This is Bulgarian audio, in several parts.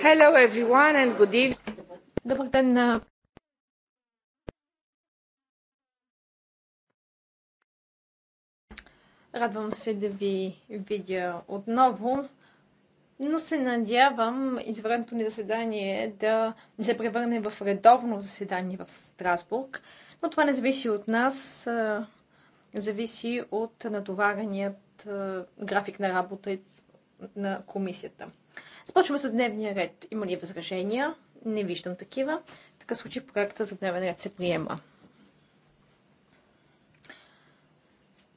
Hello everyone and good evening. Добър ден на Радвам се да ви видя отново, но се надявам извънредното ни заседание да не се превърне в редовно заседание в Страсбург, но това не зависи от нас, зависи от натовареният график на работа на комисията. Започваме с дневния ред. Има ли възражения? Не виждам такива. В така случай проекта за дневен ред се приема.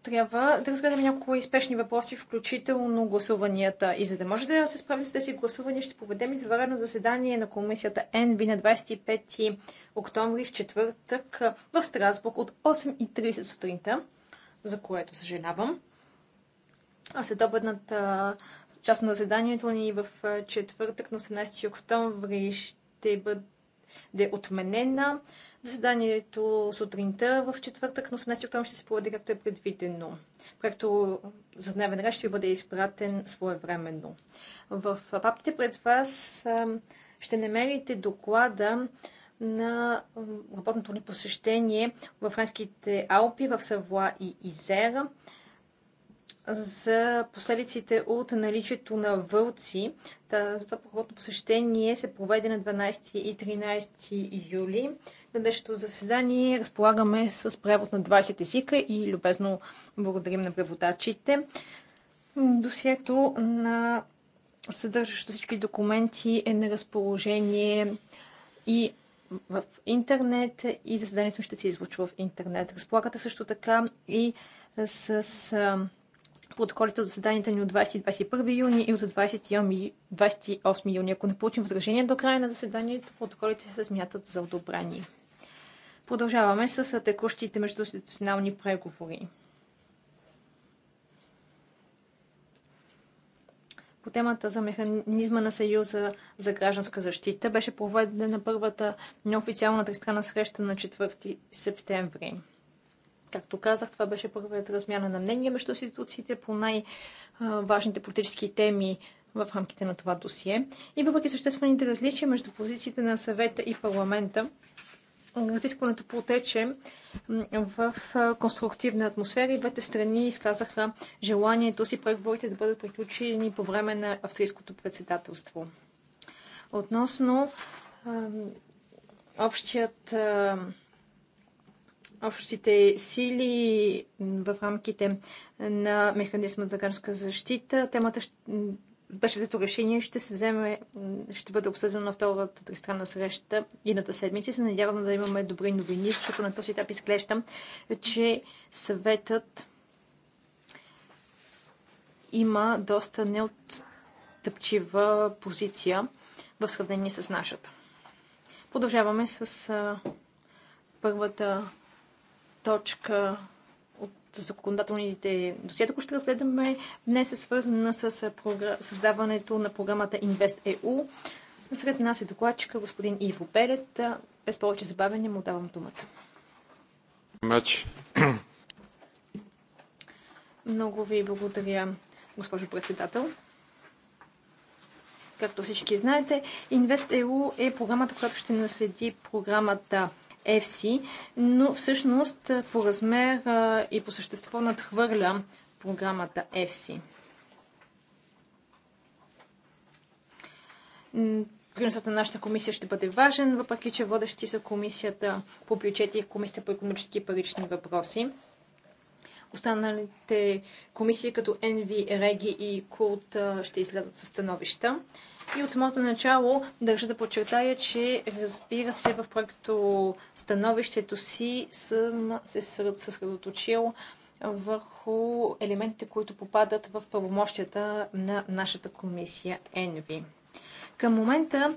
трябва да разгледаме някои спешни въпроси, включително гласуванията. И за да може да се справим с тези гласувания, ще проведем извънредно заседание на комисията НВ на 25 октомври в четвъртък в Страсбург от 8.30 сутринта, за което съжалявам. А след обедната част на заданието ни в четвъртък на 18 октомври ще бъде отменена. Заседанието сутринта в четвъртък на 18 октомври ще се проведе както е предвидено. Проекто за дневен ред ще ви бъде изпратен своевременно. В папките пред вас ще намерите доклада на работното ни посещение в френските Алпи, в Савла и Изера за последиците от наличието на вълци. Това походно посещение се проведе на 12 и 13 юли. На днешното заседание разполагаме с превод на 20 езика и любезно благодарим на преводачите. Досието на съдържащо всички документи е на разположение и в интернет и заседанието ще се излучва в интернет. Разполагате също така и с протоколите от заседанията ни от 20-21 юни и от 28 юни. Ако не получим възражение до края на заседанието, протоколите се смятат за одобрени. Продължаваме с текущите междуинституционални преговори. по темата за механизма на Съюза за гражданска защита беше проведена първата неофициална тристранна среща на 4 септември. Както казах, това беше първата размяна на мнение между институциите по най-важните политически теми в рамките на това досие. И въпреки съществените различия между позициите на съвета и парламента, разискването потече в конструктивна атмосфера и двете страни изказаха желанието си преговорите да бъдат приключени по време на австрийското председателство. Относно общият общите сили в рамките на механизма за гражданска защита. Темата ще, беше взето решение, ще се вземе, ще бъде обсъдено на втората тристранна среща едната седмица. Се надявам да имаме добри новини, защото на този етап изглежда, че съветът има доста неотстъпчива позиция в сравнение с нашата. Продължаваме с първата точка от законодателните досиета, които ще разгледаме днес е свързана с създаването на програмата InvestEU. Сред нас е докладчика господин Иво Белет. Без повече забавяне му давам думата. Мач. Много ви благодаря, госпожо председател. Както всички знаете, InvestEU е програмата, която ще наследи програмата FC, но всъщност по размер и по същество надхвърля програмата FC. Приносът на нашата комисия ще бъде важен, въпреки че водещи са комисията по бюджети и комисията по економически и парични въпроси. Останалите комисии като НВ, Реги и Култ ще излязат със становища. И от самото начало държа да подчертая, че разбира се в проекто становището си съм се съсредоточил върху елементите, които попадат в правомощията на нашата комисия ЕНВИ. Към момента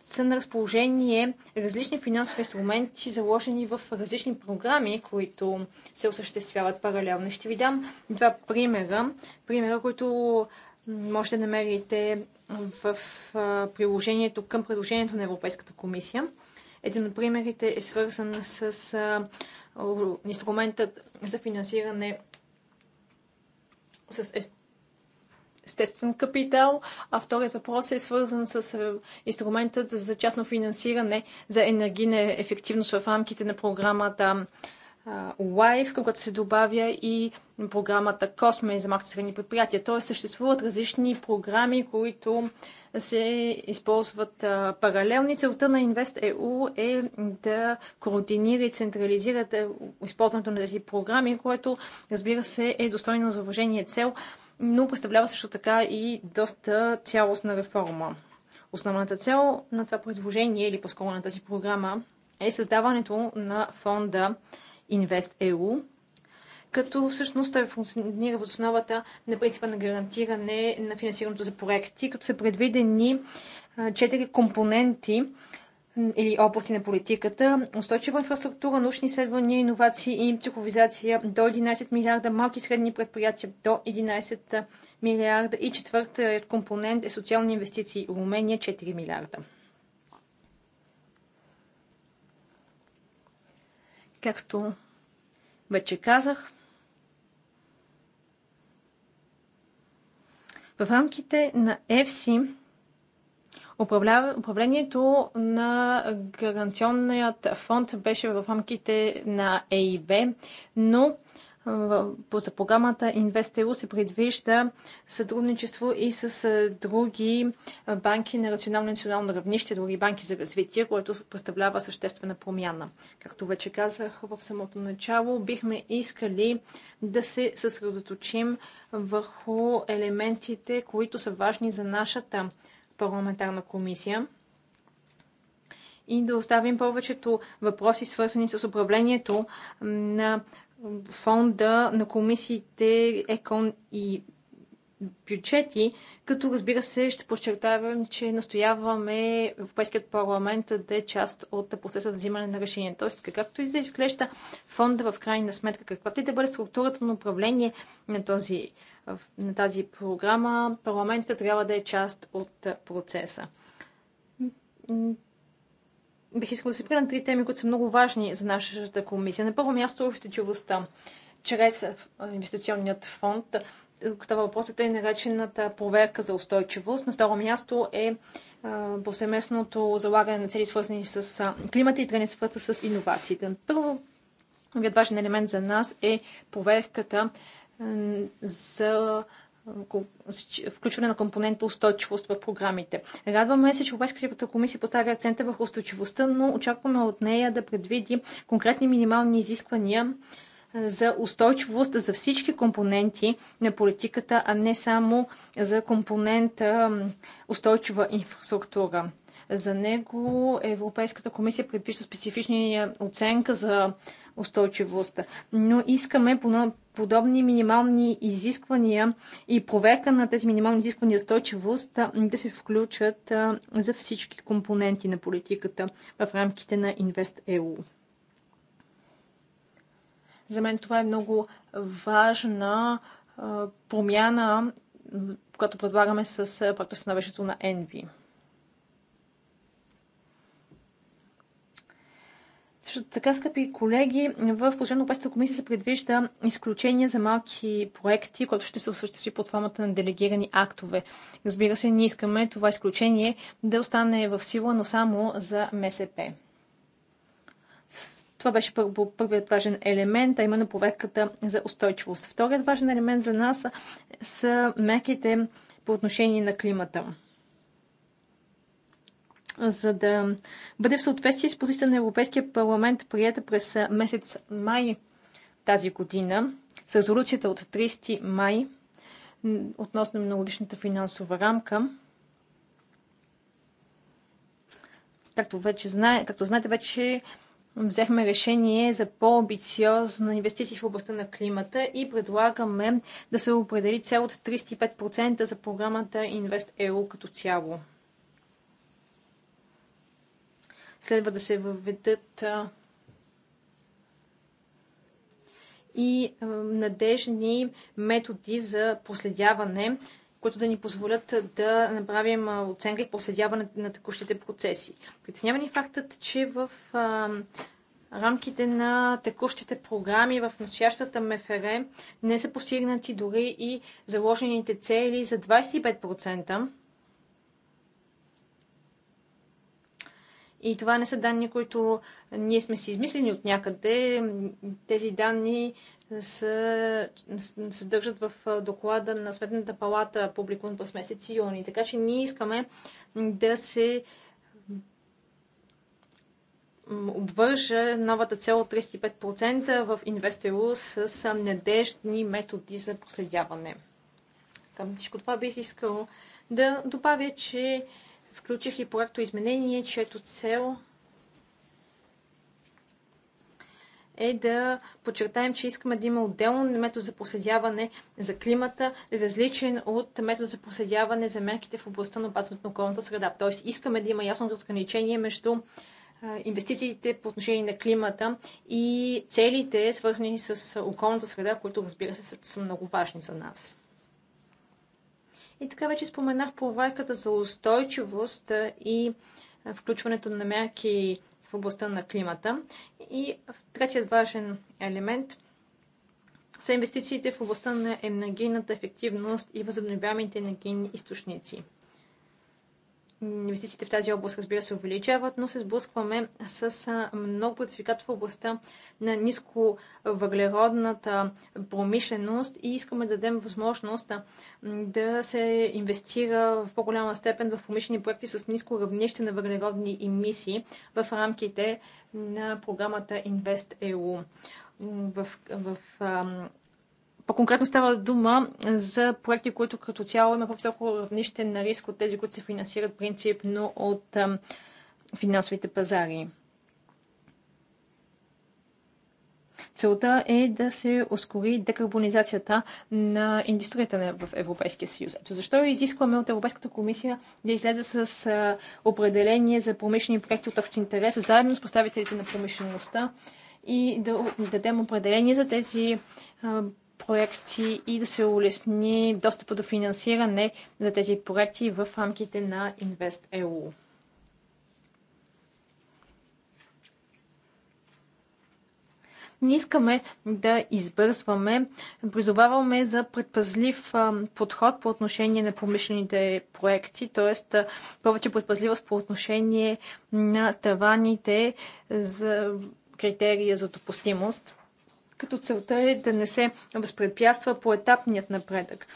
са на разположение различни финансови инструменти, заложени в различни програми, които се осъществяват паралелно. Ще ви дам два примера. Примера, които може да намерите в приложението към предложението на Европейската комисия. Един от примерите е свързан с инструментът за финансиране с естествен капитал, а вторият въпрос е свързан с инструментът за частно финансиране за енергийна ефективност в рамките на програмата към когато се добавя и програмата Cosme за малките средни предприятия. Т.е. съществуват различни програми, които се използват паралелни. Целта на InvestEU е да координира и централизира използването на тези програми, което разбира се е достойно за уважение цел, но представлява също така и доста цялостна реформа. Основната цел на това предложение или по-скоро на тази програма е създаването на фонда InvestEU, като всъщност той функционира в основата на принципа на гарантиране на финансирането за проекти, като са предвидени четири компоненти или области на политиката, устойчива инфраструктура, научни изследвания, иновации и цифровизация до 11 милиарда, малки и средни предприятия до 11 милиарда и четвъртият компонент е социални инвестиции, Румения 4 милиарда. Както вече казах, в рамките на ЕФСИ управлението на гаранционният фонд беше в рамките на ЕИБ, но за програмата InvestEU се предвижда сътрудничество и с други банки на национално национално равнище, други банки за развитие, което представлява съществена промяна. Както вече казах в самото начало, бихме искали да се съсредоточим върху елементите, които са важни за нашата парламентарна комисия и да оставим повечето въпроси, свързани с управлението на фонда на комисиите ЕКОН и бюджети, като разбира се ще подчертавам, че настояваме Европейският парламент да е част от процеса за взимане на решение. Тоест, както и да изглежда фонда в крайна сметка, каквато и да бъде структурата на управление на, този, на тази програма, парламента трябва да е част от процеса бих искал да се спра на три теми, които са много важни за нашата комисия. На първо място устойчивостта чрез инвестиционният фонд. Това въпросът е наречената проверка за устойчивост. На второ място е повсеместното залагане на цели, свързани с климата и трени с иновациите. Първо, важен елемент за нас е проверката за включване на компонента устойчивост в програмите. Радваме се, че Европейската комисия поставя акцента върху устойчивостта, но очакваме от нея да предвиди конкретни минимални изисквания за устойчивост за всички компоненти на политиката, а не само за компонента устойчива инфраструктура. За него Европейската комисия предвижда специфични оценка за устойчивост. Но искаме подобни минимални изисквания и проверка на тези минимални изисквания устойчивост да се включат за всички компоненти на политиката в рамките на InvestEU. За мен това е много важна промяна, която предлагаме с на на Envy. Също така, скъпи колеги, в Положено Европейската комисия се предвижда изключение за малки проекти, които ще се осъществи под формата на делегирани актове. Разбира се, ние искаме това изключение да остане в сила, но само за МСП. Това беше първо, първият важен елемент, а именно проверката за устойчивост. Вторият важен елемент за нас са мерките по отношение на климата за да бъде в съответствие с позицията на Европейския парламент, прията през месец май тази година, с резолюцията от 30 май относно многодишната финансова рамка. Както, вече знае, както знаете, вече взехме решение за по-амбициозна инвестиции в областта на климата и предлагаме да се определи цел от 35% за програмата InvestEU като цяло. Следва да се въведат и надежни методи за проследяване, които да ни позволят да направим оценка и проследяване на текущите процеси. Притеснява ни фактът, че в рамките на текущите програми в настоящата МФР не са постигнати дори и заложените цели за 25%. И това не са данни, които ние сме си измислени от някъде. Тези данни са, съдържат в доклада на Сметната палата, публикуван през месец юни. Така че ние искаме да се обвържа новата цел от 35% в Инвестиру с надежни методи за проследяване. Към всичко това бих искал да добавя, че Включих и проекто изменение, чието цел е да подчертаем, че искаме да има отделно метод за проследяване за климата, различен от метод за проследяване за мерките в областта на опазването на околната среда. Тоест искаме да има ясно разграничение между инвестициите по отношение на климата и целите, свързани с околната среда, които разбира се са много важни за нас. И така вече споменах проверката за устойчивост и включването на мерки в областта на климата. И третият важен елемент са инвестициите в областта на енергийната ефективност и възобновяемите енергийни източници инвестициите в тази област, разбира се, увеличават, но се сблъскваме с много предизвикателства в областта на нисковъглеродната промишленост и искаме да дадем възможност да се инвестира в по-голяма степен в промишлени проекти с ниско равнище на въглеродни емисии в рамките на програмата InvestEU в, в в по-конкретно става дума за проекти, които като цяло има по-високо равнище на риск от тези, които се финансират принципно от финансовите пазари. Целта е да се ускори декарбонизацията на индустрията в Европейския съюз. Ето защо изискваме от Европейската комисия да излезе с определение за промишлени проекти от общ интерес, заедно с представителите на промишлеността и да дадем определение за тези проекти и да се улесни достъпа до финансиране за тези проекти в рамките на InvestEU. не искаме да избързваме. Призоваваме за предпазлив подход по отношение на промишлените проекти, т.е. повече предпазливост по отношение на таваните за критерия за допустимост като целта е да не се възпрепятства етапният напредък.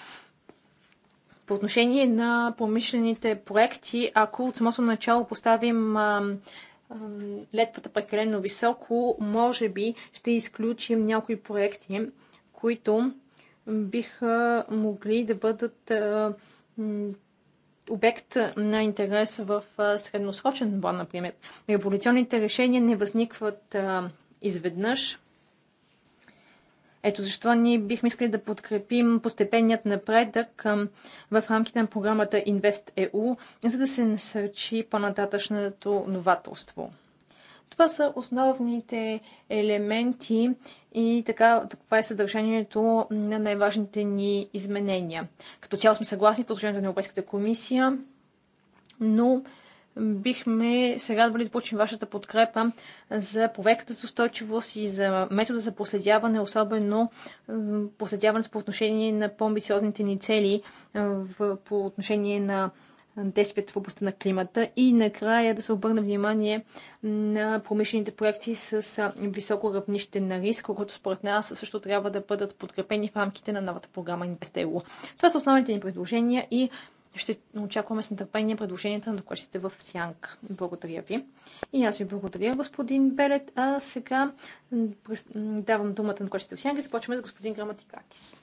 По отношение на промишлените проекти, ако от самото начало поставим летвата прекалено високо, може би ще изключим някои проекти, които биха могли да бъдат обект на интерес в средносрочен план, например. Революционните решения не възникват изведнъж. Ето защо ние бихме искали да подкрепим постепенният напредък в рамките на програмата InvestEU, за да се насърчи по-нататъчното новаторство. Това са основните елементи и така, това е съдържанието на най-важните ни изменения. Като цяло сме съгласни с положението на Европейската комисия, но бихме се радвали да получим вашата подкрепа за проверката с устойчивост и за метода за проследяване, особено проследяването по отношение на по-амбициозните ни цели по отношение на действията в областта на климата и накрая да се обърне внимание на промишлените проекти с високо равнище на риск, които според нас също трябва да бъдат подкрепени в рамките на новата програма Инвестело. Това са основните ни предложения и ще очакваме с нетърпение предложенията на докладчиците в Сянг. Благодаря ви. И аз ви благодаря, господин Белет. А сега давам думата на докладчиците в Сянг и започваме с господин Граматикакис.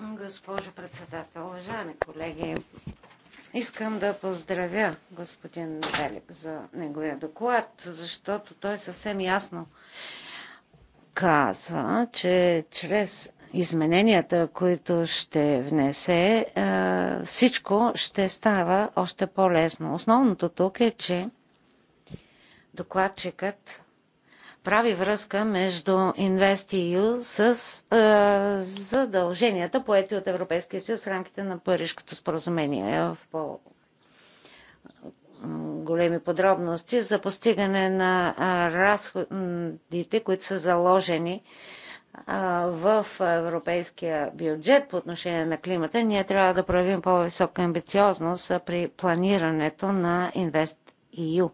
Госпожо председател, уважаеми колеги, Искам да поздравя господин Белек за неговия доклад, защото той съвсем ясно казва, че чрез измененията, които ще внесе, е, всичко ще става още по-лесно. Основното тук е, че докладчикът прави връзка между InvestEU с а, е, задълженията, поети от Европейския съюз в рамките на Парижкото споразумение е, в по големи подробности за постигане на разходите, които са заложени в европейския бюджет по отношение на климата, ние трябва да проявим по-висока амбициозност при планирането на InvestEU.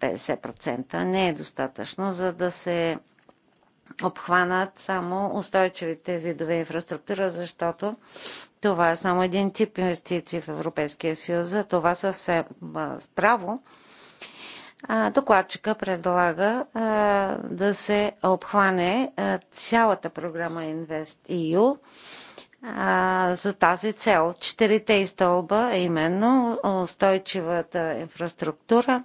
50% не е достатъчно, за да се обхванат само устойчивите видове инфраструктура, защото това е само един тип инвестиции в Европейския съюз. За това съвсем право докладчика предлага да се обхване цялата програма InvestEU а, за тази цел. Четирите изтълба, именно устойчивата инфраструктура,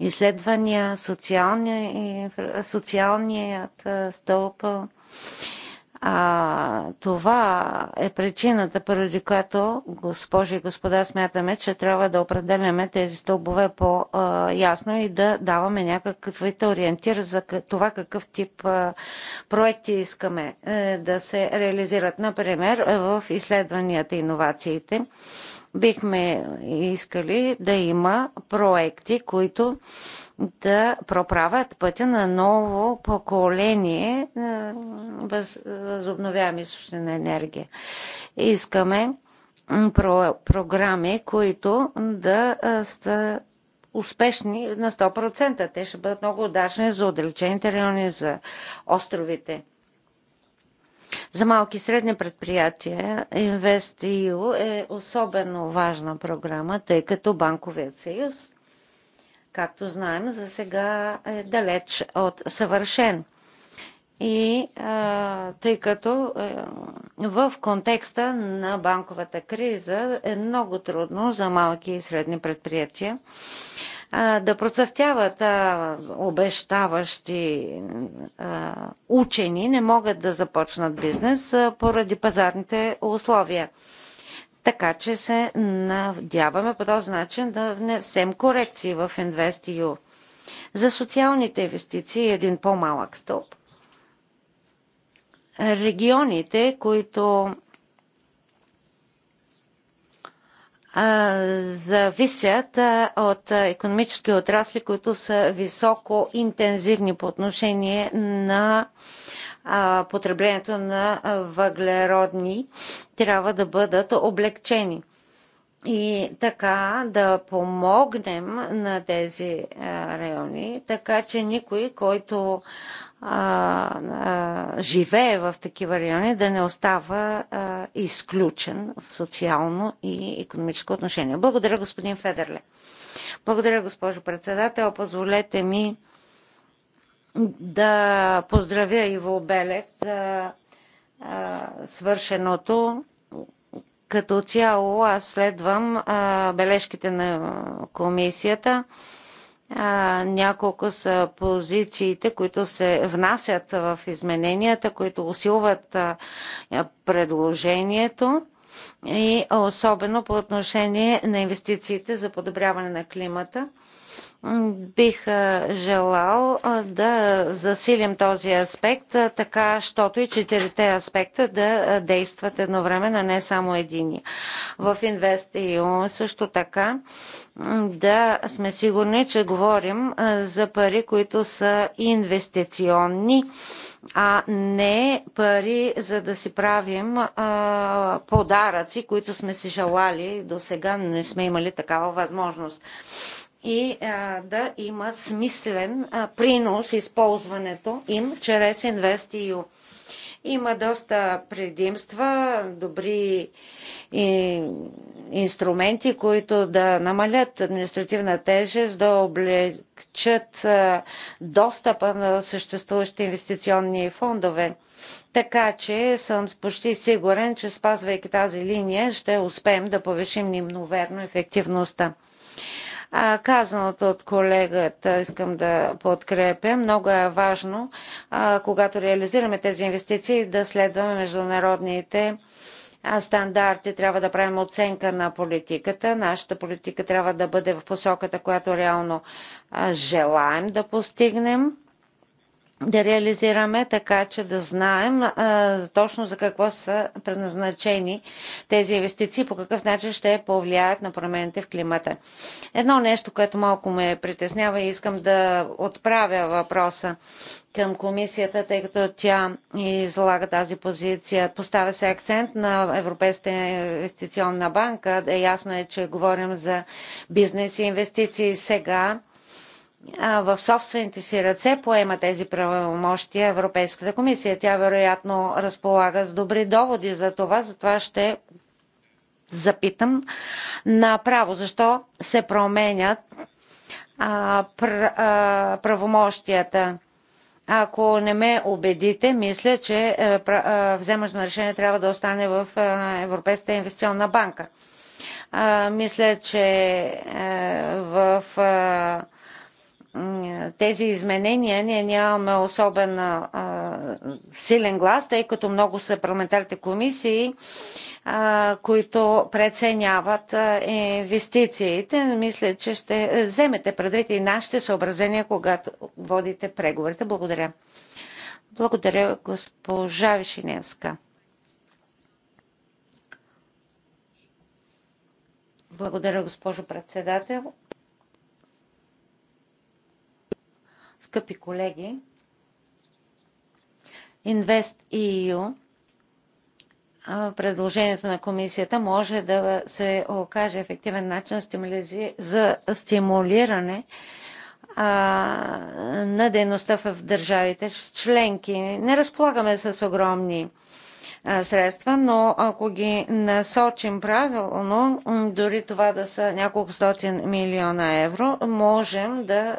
изследвания, социалния, социалният стълб, а, това е причината, поради която, госпожи и господа, смятаме, че трябва да определяме тези стълбове по-ясно и да даваме някакъв вид ориентир за това какъв тип проекти искаме е, да се реализират. Например, в изследванията и иновациите бихме искали да има проекти, които да проправят пътя на ново поколение е, възобновяеми източни на енергия. Искаме про програми, които да е, ста успешни на 100%. Те ще бъдат много удачни за отдалечените райони, за островите. За малки и средни предприятия InvestEU е особено важна програма, тъй като Банковият съюз както знаем, за сега е далеч от съвършен. И а, тъй като а, в контекста на банковата криза е много трудно за малки и средни предприятия а, да процъфтяват а, обещаващи а, учени, не могат да започнат бизнес а, поради пазарните условия. Така че се надяваме по този начин да внесем корекции в InvestEU. За социалните инвестиции е един по-малък стълб. Регионите, които зависят от економически отрасли, които са високо интензивни по отношение на потреблението на въглеродни трябва да бъдат облегчени. И така да помогнем на тези райони, така че никой, който а, а, живее в такива райони, да не остава а, изключен в социално и економическо отношение. Благодаря, господин Федерле. Благодаря, госпожо председател. Позволете ми да поздравя Иво Белев за а, свършеното. Като цяло аз следвам а, бележките на комисията. А, няколко са позициите, които се внасят в измененията, които усилват а, предложението и особено по отношение на инвестициите за подобряване на климата. Бих желал да засилим този аспект, така, щото и четирите аспекта да действат едновременно, не само единия. В InvestEU също така да сме сигурни, че говорим за пари, които са инвестиционни, а не пари за да си правим подаръци, които сме си желали до сега, не сме имали такава възможност и а, да има смислен а, принос използването им чрез InvestEU. Има доста предимства, добри и, инструменти, които да намалят административна тежест, да облегчат достъпа на съществуващите инвестиционни фондове. Така че съм почти сигурен, че спазвайки тази линия ще успеем да повишим неимоверно ефективността. А, казаното от колегата искам да подкрепя. Много е важно, а, когато реализираме тези инвестиции, да следваме международните стандарти, трябва да правим оценка на политиката. Нашата политика трябва да бъде в посоката, която реално желаем да постигнем да реализираме, така че да знаем а, точно за какво са предназначени тези инвестиции и по какъв начин ще повлияят на промените в климата. Едно нещо, което малко ме притеснява и искам да отправя въпроса към комисията, тъй като тя излага тази позиция. Поставя се акцент на Европейската инвестиционна банка. Е, ясно е, че говорим за бизнес и инвестиции сега в собствените си ръце поема тези правомощия Европейската комисия. Тя вероятно разполага с добри доводи за това, затова ще запитам направо защо се променят а, пр, а, правомощията. Ако не ме убедите, мисля, че е, вземащо на решение трябва да остане в е, Европейската инвестиционна банка. А, мисля, че е, в тези изменения ние нямаме особено силен глас, тъй като много са парламентарните комисии, а, които преценяват инвестициите. Мисля, че ще вземете предвид и нашите съобразения, когато водите преговорите. Благодаря. Благодаря, госпожа Вишиневска. Благодаря, госпожо председател. Скъпи колеги, Invest EU предложението на комисията може да се окаже ефективен начин за стимулиране на дейността в държавите членки. Не разполагаме с огромни средства, но ако ги насочим правилно, дори това да са няколко стотин милиона евро, можем да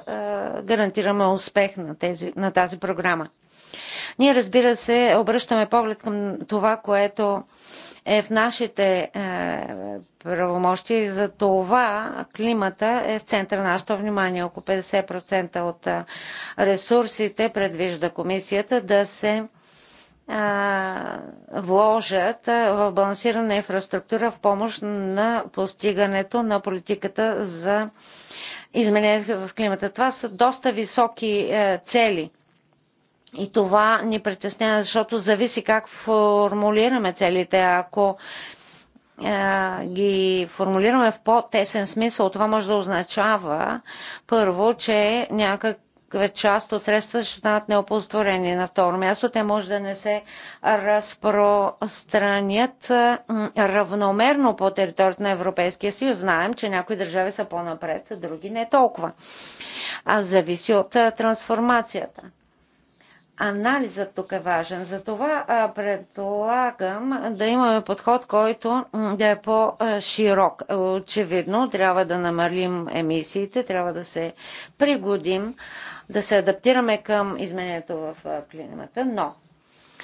гарантираме успех на, тези, на тази програма. Ние, разбира се, обръщаме поглед към това, което е в нашите е, правомощи и за това климата е в центъра на нашето внимание. Около 50% от ресурсите предвижда комисията да се вложат в балансирана инфраструктура в помощ на постигането на политиката за изменение в климата. Това са доста високи е, цели. И това ни притеснява, защото зависи как формулираме целите. Ако е, ги формулираме в по-тесен смисъл, това може да означава първо, че някак част от средства ще останат неоползотворени. На второ място, те може да не се разпространят равномерно по територията на Европейския съюз. Знаем, че някои държави са по-напред, други не толкова. А зависи от трансформацията. Анализът тук е важен. Затова предлагам да имаме подход, който да е по-широк. Очевидно, трябва да намалим емисиите, трябва да се пригодим да се адаптираме към изменението в климата, но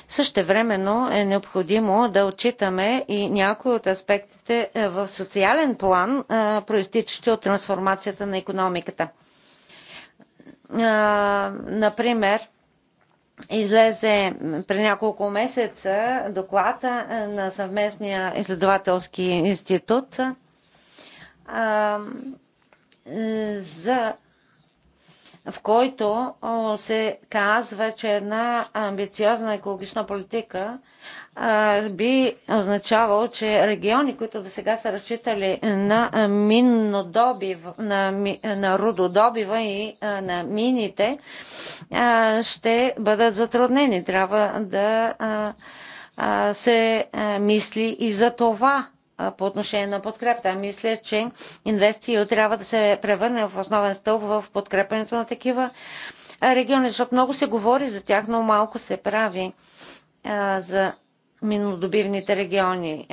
също времено е необходимо да отчитаме и някои от аспектите е, в социален план, проистичащи от трансформацията на економиката. Например, излезе при няколко месеца доклада на съвместния изследователски институт за в който се казва, че една амбициозна екологична политика би означавало, че региони, които до сега са разчитали на миннодобив, на, на рудодобива и на мините, ще бъдат затруднени. Трябва да се мисли и за това по отношение на подкрепата. Мисля, че InvestEU трябва да се превърне в основен стълб в подкрепането на такива региони, защото много се говори за тях, но малко се прави а, за минодобивните региони.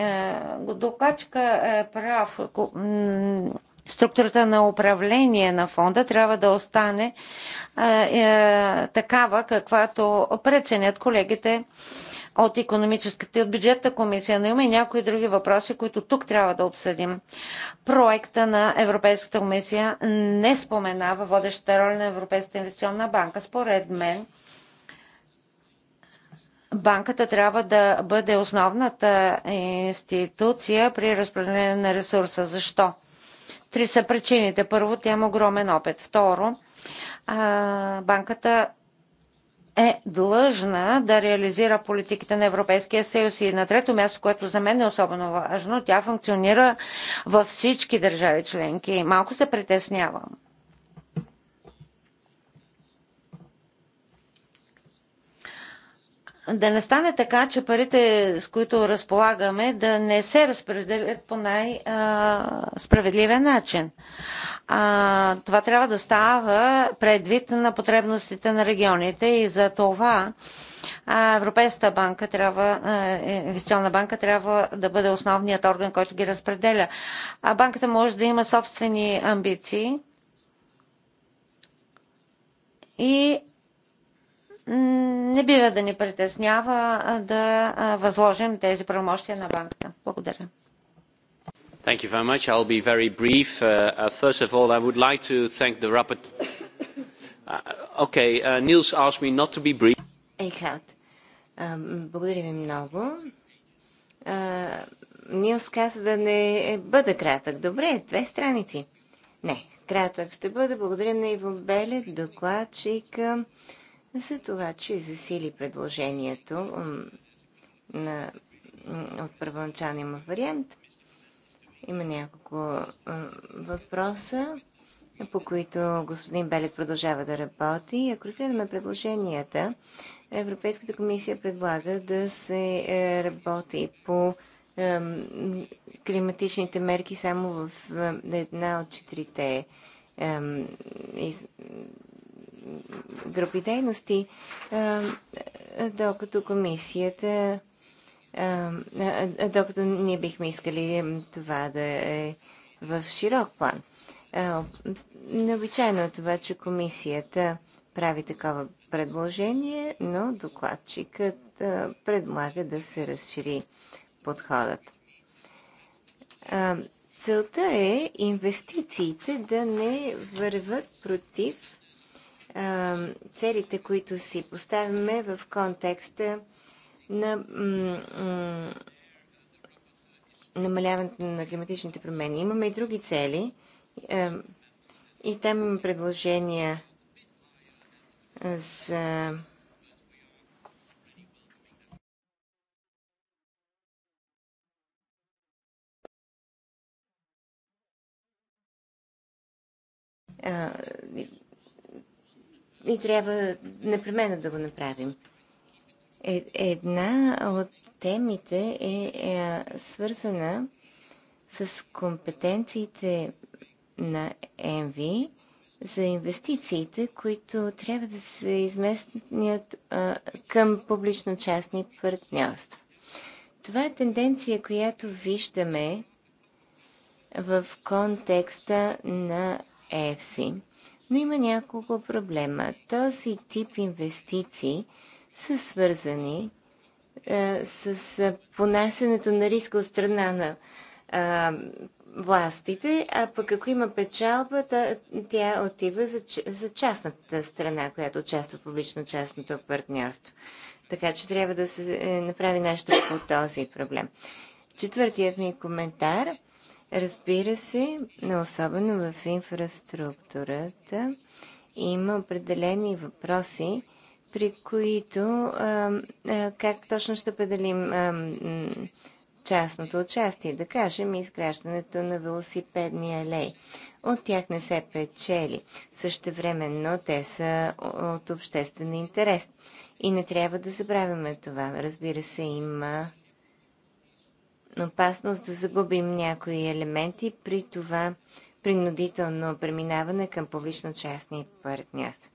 Докачка е прав. Структурата на управление на фонда трябва да остане е, такава, каквато преценят колегите от економическата и от бюджетна комисия, но има и някои други въпроси, които тук трябва да обсъдим. Проекта на Европейската комисия не споменава водещата роля на Европейската инвестиционна банка. Според мен, банката трябва да бъде основната институция при разпределение на ресурса. Защо? Три са причините. Първо, тя има огромен опит. Второ, банката е длъжна да реализира политиките на Европейския съюз. И на трето място, което за мен е особено важно, тя функционира във всички държави членки. Малко се притеснявам да не стане така, че парите, с които разполагаме, да не се разпределят по най-справедливия начин. А, това трябва да става предвид на потребностите на регионите и за това Европейската банка трябва, е, инвестиционна банка трябва да бъде основният орган, който ги разпределя. А банката може да има собствени амбиции и не бива да ни притеснява да възложим тези правомощия на банката. Благодаря. Thank you very much. I'll be very brief. Uh, uh, first of all, I would like to thank the rapporteur. Uh, okay, uh, Niels asked me not to be brief. Ейхард, благодаря ви много. Uh, Нилс каза да не е, бъда кратък. Добре, две страници. Не, кратък ще бъде. Благодаря на Иво Беле, докладчика. Uh, за това, че засили предложението на, от първоначалния вариант. Има няколко въпроса, по които господин Белет продължава да работи. Ако разгледаме предложенията, Европейската комисия предлага да се е, работи по климатичните мерки само в е, една от четирите групи дейности, докато комисията, докато ние бихме искали това да е в широк план. Необичайно е това, че комисията прави такова предложение, но докладчикът предлага да се разшири подходът. Целта е инвестициите да не върват против целите, които си поставяме в контекста на намаляването на климатичните промени. Имаме и други цели. И там има предложения за и трябва непременно да го направим. Е, една от темите е, е свързана с компетенциите на ЕНВИ за инвестициите, които трябва да се изместят а, към публично-частни партньорства. Това е тенденция, която виждаме в контекста на ЕФСИ но има няколко проблема. Този тип инвестиции са свързани а, е, с е, понасенето на риска от страна на а, властите, а пък ако има печалба, то, тя отива за, за частната страна, която участва в публично-частното партньорство. Така че трябва да се е, направи нещо по този проблем. Четвъртият ми коментар – Разбира се, особено в инфраструктурата, има определени въпроси, при които а, а, как точно ще определим а, частното участие, да кажем, изграждането на велосипедни алеи. От тях не се печели. Същевременно те са от обществен интерес. И не трябва да забравяме това. Разбира се, има опасност да загубим някои елементи при това принудително преминаване към публично-частни партньорства.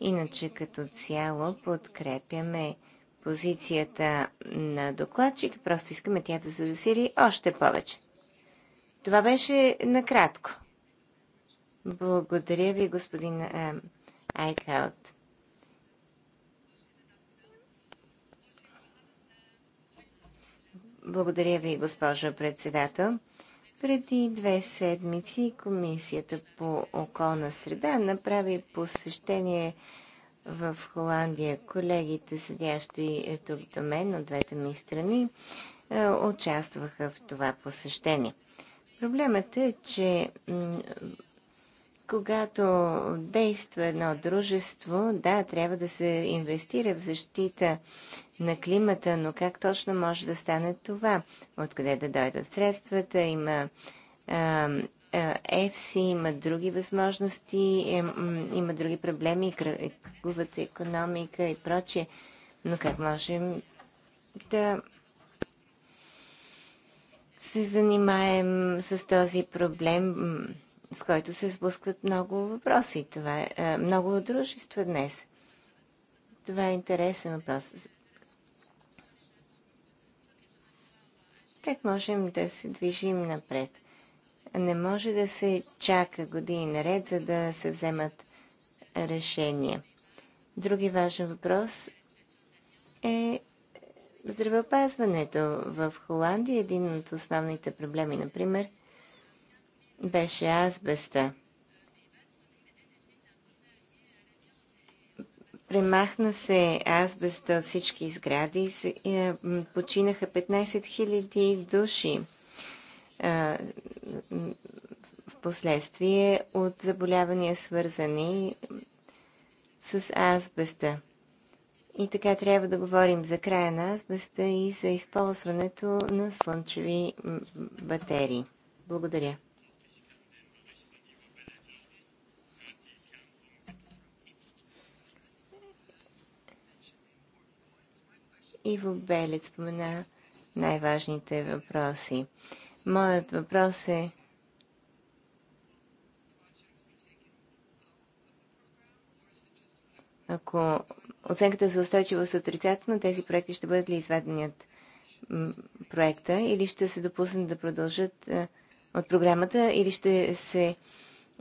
Иначе като цяло подкрепяме позицията на докладчик, просто искаме тя да се засили още повече. Това беше накратко. Благодаря ви, господин Айкаут. Благодаря ви, госпожо председател. Преди две седмици Комисията по околна среда направи посещение в Холандия. Колегите, седящи тук до мен от двете ми страни, е, участваха в това посещение. Проблемът е, че когато действа едно дружество, да, трябва да се инвестира в защита на климата, но как точно може да стане това? Откъде да дойдат средствата? Има ЕФСИ, има други възможности, има други проблеми, кръговата економика и прочие. Но как можем да се занимаем с този проблем? с който се сблъскват много въпроси. Това е, е много дружества днес. Това е интересен въпрос. Как можем да се движим напред? Не може да се чака години наред, за да се вземат решения. Други важен въпрос е здравеопазването. В Холандия един от основните проблеми, например, беше азбеста. Премахна се азбеста от всички сгради. Е, починаха 15 000 души е, в последствие от заболявания свързани с азбеста. И така трябва да говорим за края на азбеста и за използването на слънчеви батерии. Благодаря. Иво Белец спомена най-важните въпроси. Моят въпрос е ако оценката за устойчивост е отрицателна, тези проекти ще бъдат ли изведени от проекта или ще се допуснат да продължат е, от програмата или ще се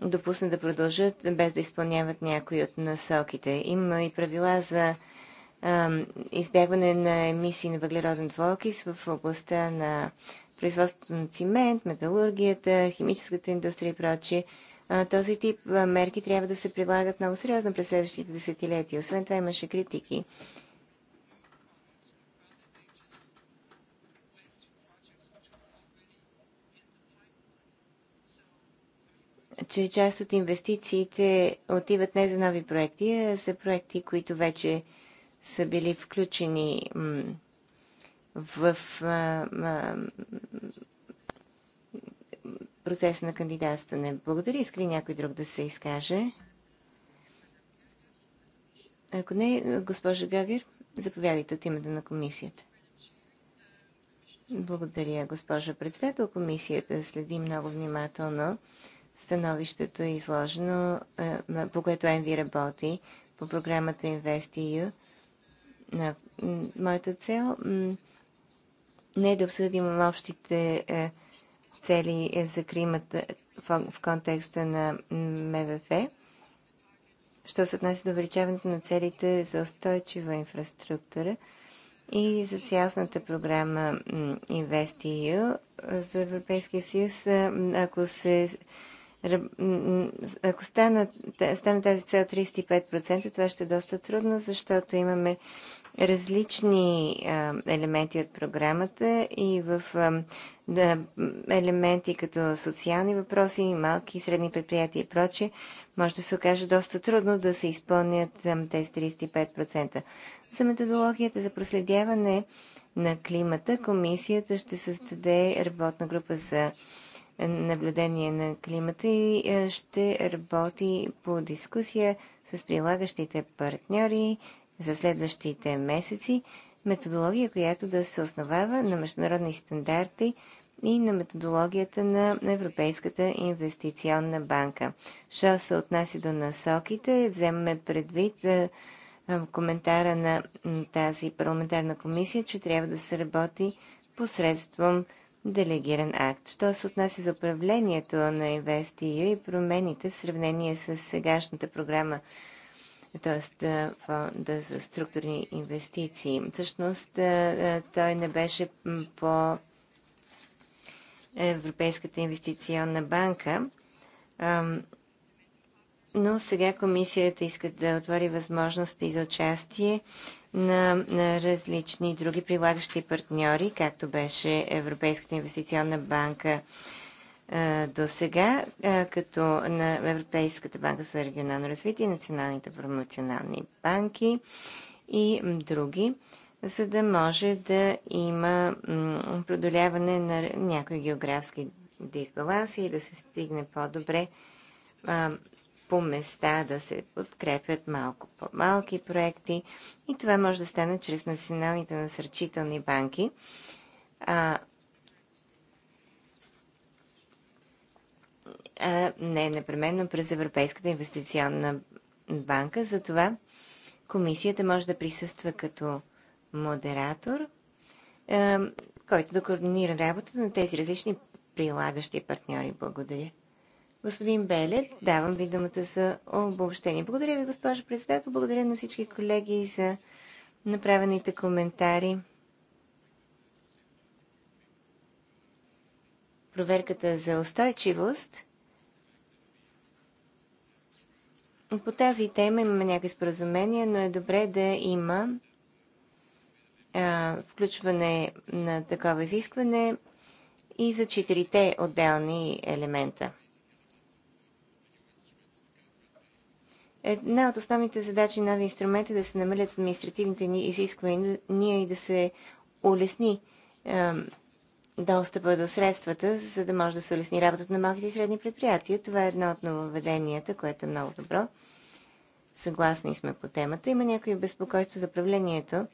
допуснат да продължат без да изпълняват някои от насоките. Има и правила за избягване на емисии на въглероден двуокис в областта на производството на цимент, металургията, химическата индустрия и прочие. Този тип мерки трябва да се прилагат много сериозно през следващите десетилетия. Освен това имаше критики. че част от инвестициите отиват не за нови проекти, а за проекти, които вече са били включени в процес на кандидатстване. Благодаря. Иска ли някой друг да се изкаже? Ако не, госпожа Гагер, заповядайте от името на комисията. Благодаря, госпожа председател. Комисията следи много внимателно становището е изложено, по което ЕНВИ работи по програмата InvestEU на моята цел не е да обсъдим общите е, цели е, за Кримата в контекста на МВФ. Що се отнася до увеличаването на целите за устойчива инфраструктура и за цялостната програма InvestEU за Европейския съюз, е, ако се ако стане, стане тази цел 35%, това ще е доста трудно, защото имаме различни елементи от програмата и в елементи като социални въпроси, малки и средни предприятия и прочее, може да се окаже доста трудно да се изпълнят тези 35%. За методологията за проследяване на климата комисията ще създаде работна група за наблюдение на климата и ще работи по дискусия с прилагащите партньори, за следващите месеци методология, която да се основава на международни стандарти и на методологията на Европейската инвестиционна банка. Що се отнася до насоките, вземаме предвид коментара на тази парламентарна комисия, че трябва да се работи посредством делегиран акт. Що се отнася за управлението на InvestEU и промените в сравнение с сегашната програма т.е. фонда за структурни инвестиции. Всъщност той не беше по Европейската инвестиционна банка, но сега комисията иска да отвори възможности за участие на, на различни други прилагащи партньори, както беше Европейската инвестиционна банка до сега, като на Европейската банка за регионално развитие, националните промоционални банки и други, за да може да има продоляване на някои географски дисбаланси и да се стигне по-добре по места да се подкрепят малко по-малки проекти и това може да стане чрез националните насърчителни банки. А а не непременно през Европейската инвестиционна банка. Затова комисията може да присъства като модератор, който да координира работата на тези различни прилагащи партньори. Благодаря. Господин Белет, давам ви думата за обобщение. Благодаря ви, госпожа председател. Благодаря на всички колеги за направените коментари. Проверката за устойчивост По тази тема имаме някакви споразумения, но е добре да има а, включване на такова изискване и за четирите отделни елемента. Една от основните задачи на новия инструмент е да се намалят административните ни изисквания и да се улесни е, достъпа до средствата, за да може да се улесни работата на малките и средни предприятия. Това е едно от нововведенията, което е много добро. Съгласни сме по темата. Има някои безпокойство за правлението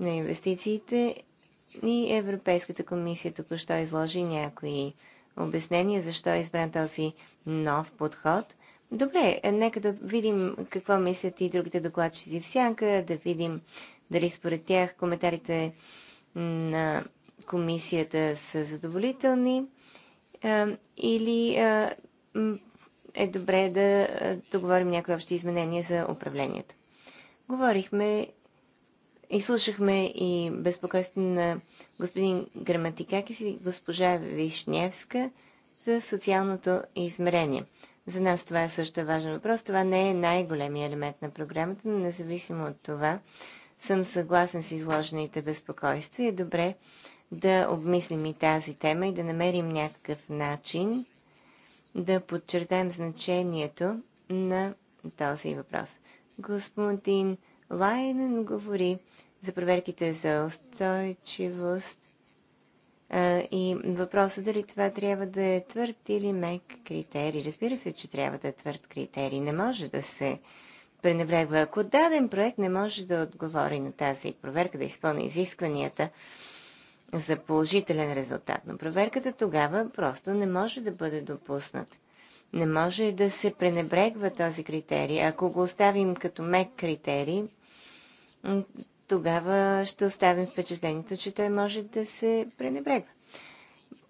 на инвестициите и Европейската комисия току-що изложи някои обяснения защо е избран този нов подход. Добре, е, нека да видим какво мислят и другите докладчици в сянка, да видим дали според тях коментарите на комисията са задоволителни или е добре да е, договорим някои общи изменения за управлението. Говорихме и слушахме и безпокойство на господин Граматикакис и госпожа Вишневска за социалното измерение. За нас това е също важен въпрос. Това не е най големият елемент на програмата, но независимо от това съм съгласен с изложените безпокойства и е добре да обмислим и тази тема и да намерим някакъв начин да подчертаем значението на този въпрос. Господин Лайнен говори за проверките за устойчивост а, и въпроса дали това трябва да е твърд или мек критерий. Разбира се, че трябва да е твърд критерий. Не може да се пренебрегва. Ако даден проект не може да отговори на тази проверка, да изпълни изискванията, за положителен резултат на проверката, тогава просто не може да бъде допуснат. Не може да се пренебрегва този критерий. Ако го оставим като мек критерий, тогава ще оставим впечатлението, че той може да се пренебрегва.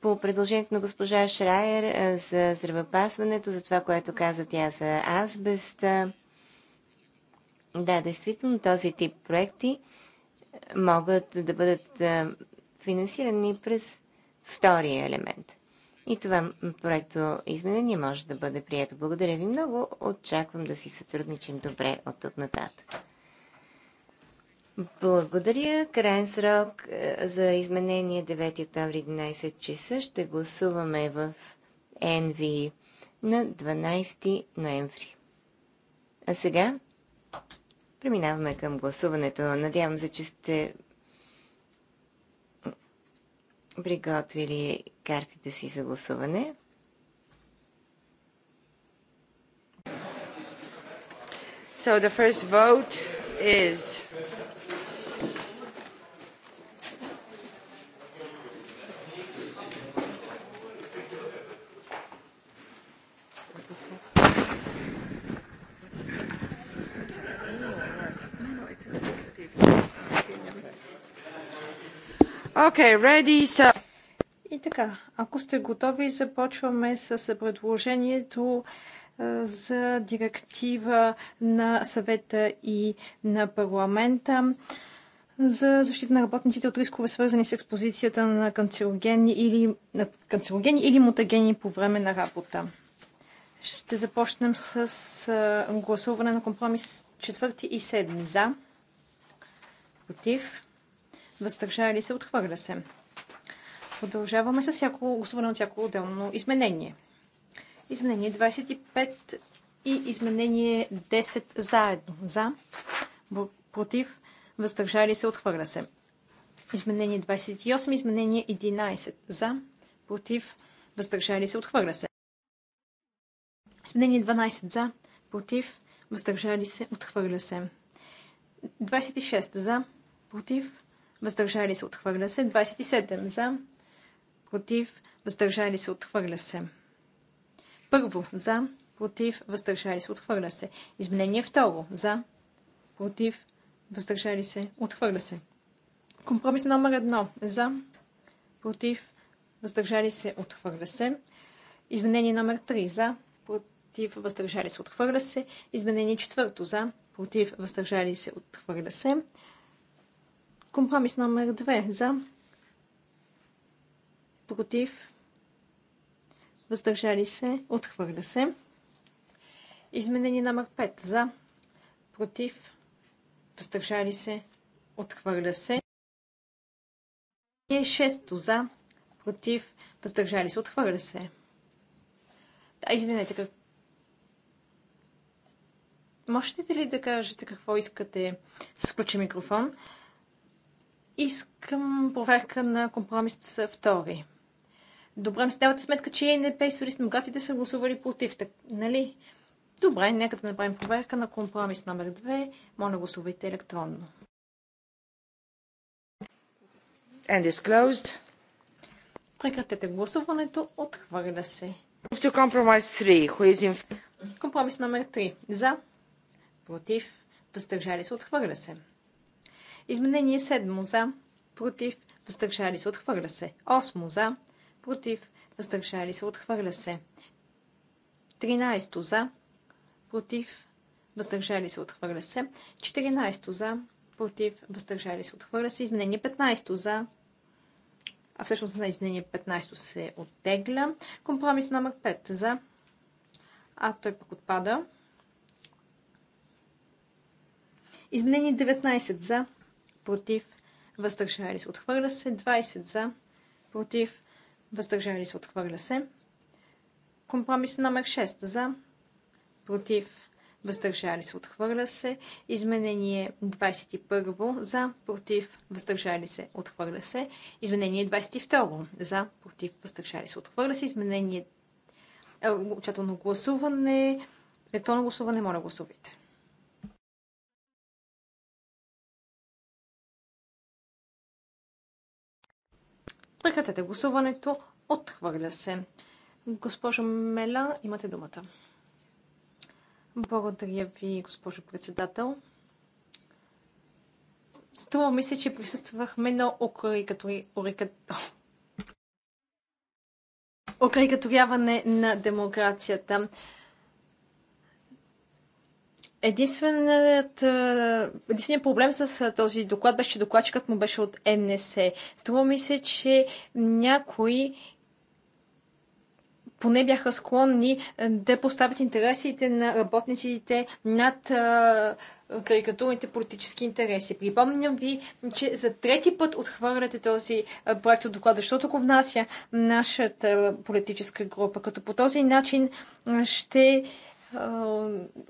По предложението на госпожа Шрайер за здравеопасването, за това, което каза тя за азбеста, да, действително този тип проекти могат да бъдат финансирани през втория елемент. И това проекто изменение може да бъде прието. Благодаря ви много. Очаквам да си сътрудничим добре от тук нататък. Благодаря. Крайен срок е, за изменение 9 октомври 11 часа. Ще гласуваме в НВ на 12 ноември. А сега преминаваме към гласуването. Надявам се, че сте приготвили картите си за гласуване. So the first vote is Okay, ready, so... И така, ако сте готови, започваме с предложението за директива на съвета и на парламента за защита на работниците от рискове, свързани с експозицията на канцерогени или, на канцерогени или мутагени по време на работа. Ще започнем с гласуване на компромис четвърти и седми за, против, въздържали се, отхвърля се. Продължаваме с всяко гласуване от всяко отделно изменение. Изменение 25 и изменение 10 заедно. За, против, въздържали се, отхвърля се. Изменение 28, изменение 11. За, против, въздържали се, отхвърля се. Изменение 12. За, против, въздържали се, отхвърля се. 26. За, против, въздържали се, отхвърля се. 27 за, против, въздържали се, отхвърля се. Първо за, против, въздържали се, отхвърля се. Изменение второ за, против, въздържали се, отхвърля се. Компромис номер едно за, против, въздържали се, отхвърля се. Изменение номер 3 за, против, въздържали се, отхвърля се. Изменение четвърто за, против, въздържали се, отхвърля се. Компромис номер 2 за против въздържали се, отхвърля се. Изменение номер 5 за против въздържали се, отхвърля се. И шесто за, против, въздържали се, отхвърля се. Да, извинете, как... Можете ли да кажете какво искате с включен микрофон? Искам проверка на компромис с втори. Добре, ми ставате сметка, че НДП и социалистите са гласували против, так, нали? Добре, нека да направим проверка на компромис номер 2. Моля, гласувайте електронно. And is closed. Прекратете гласуването. Отхвърля се. Компромис номер 3. За. Против. Въздържали се. Отхвърля се. Изменение 7 за, против, въздържали се, отхвърля се. 8 за, против, въздържали се, отхвърля се. 13 за, против, въздържали се, отхвърля се. 14 за, против, въздържали се, отхвърля се. Изменение 15 за, а всъщност на изменение 15 се оттегля. Компромис номер 5 за, а той пък отпада. Изменение 19 за, против, въздържали се, отхвърля се. 20 за, против, въздържали се, отхвърля се. Компромис номер 6 за, против, въздържали се, отхвърля се. Изменение 21 за, против, въздържали се, отхвърля се. Изменение 22 за, против, въздържали се, отхвърля се. Изменение е, Очателно гласуване, електронно гласуване, моля гласувайте. Прекратете гласуването. Отхвърля се. Госпожо Мела, имате думата. Благодаря ви, госпожо председател. Струва ми се, че присъствахме на окарикатуряване на демокрацията. Единственият, единственият проблем с този доклад беше, че докладчикът му беше от НС. Струва ми се, че някои поне бяха склонни да поставят интересите на работниците над карикатурните политически интереси. Припомням ви, че за трети път отхвърляте този проект от доклад, защото го внася нашата политическа група, като по този начин ще е,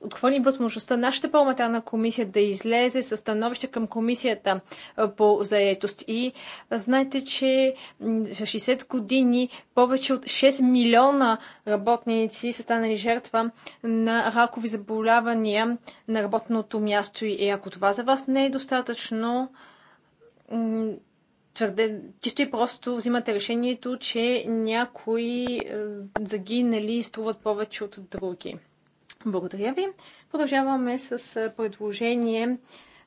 отхвърли възможността нашата парламентарна комисия да излезе с становище към комисията е, по заетост. И е, знаете, че за 60 години повече от 6 милиона работници са станали жертва на ракови заболявания на работното място. И ако това за вас не е достатъчно, твърде, чисто и просто взимате решението, че някои загинали струват повече от други. Благодаря ви. Продължаваме с предложение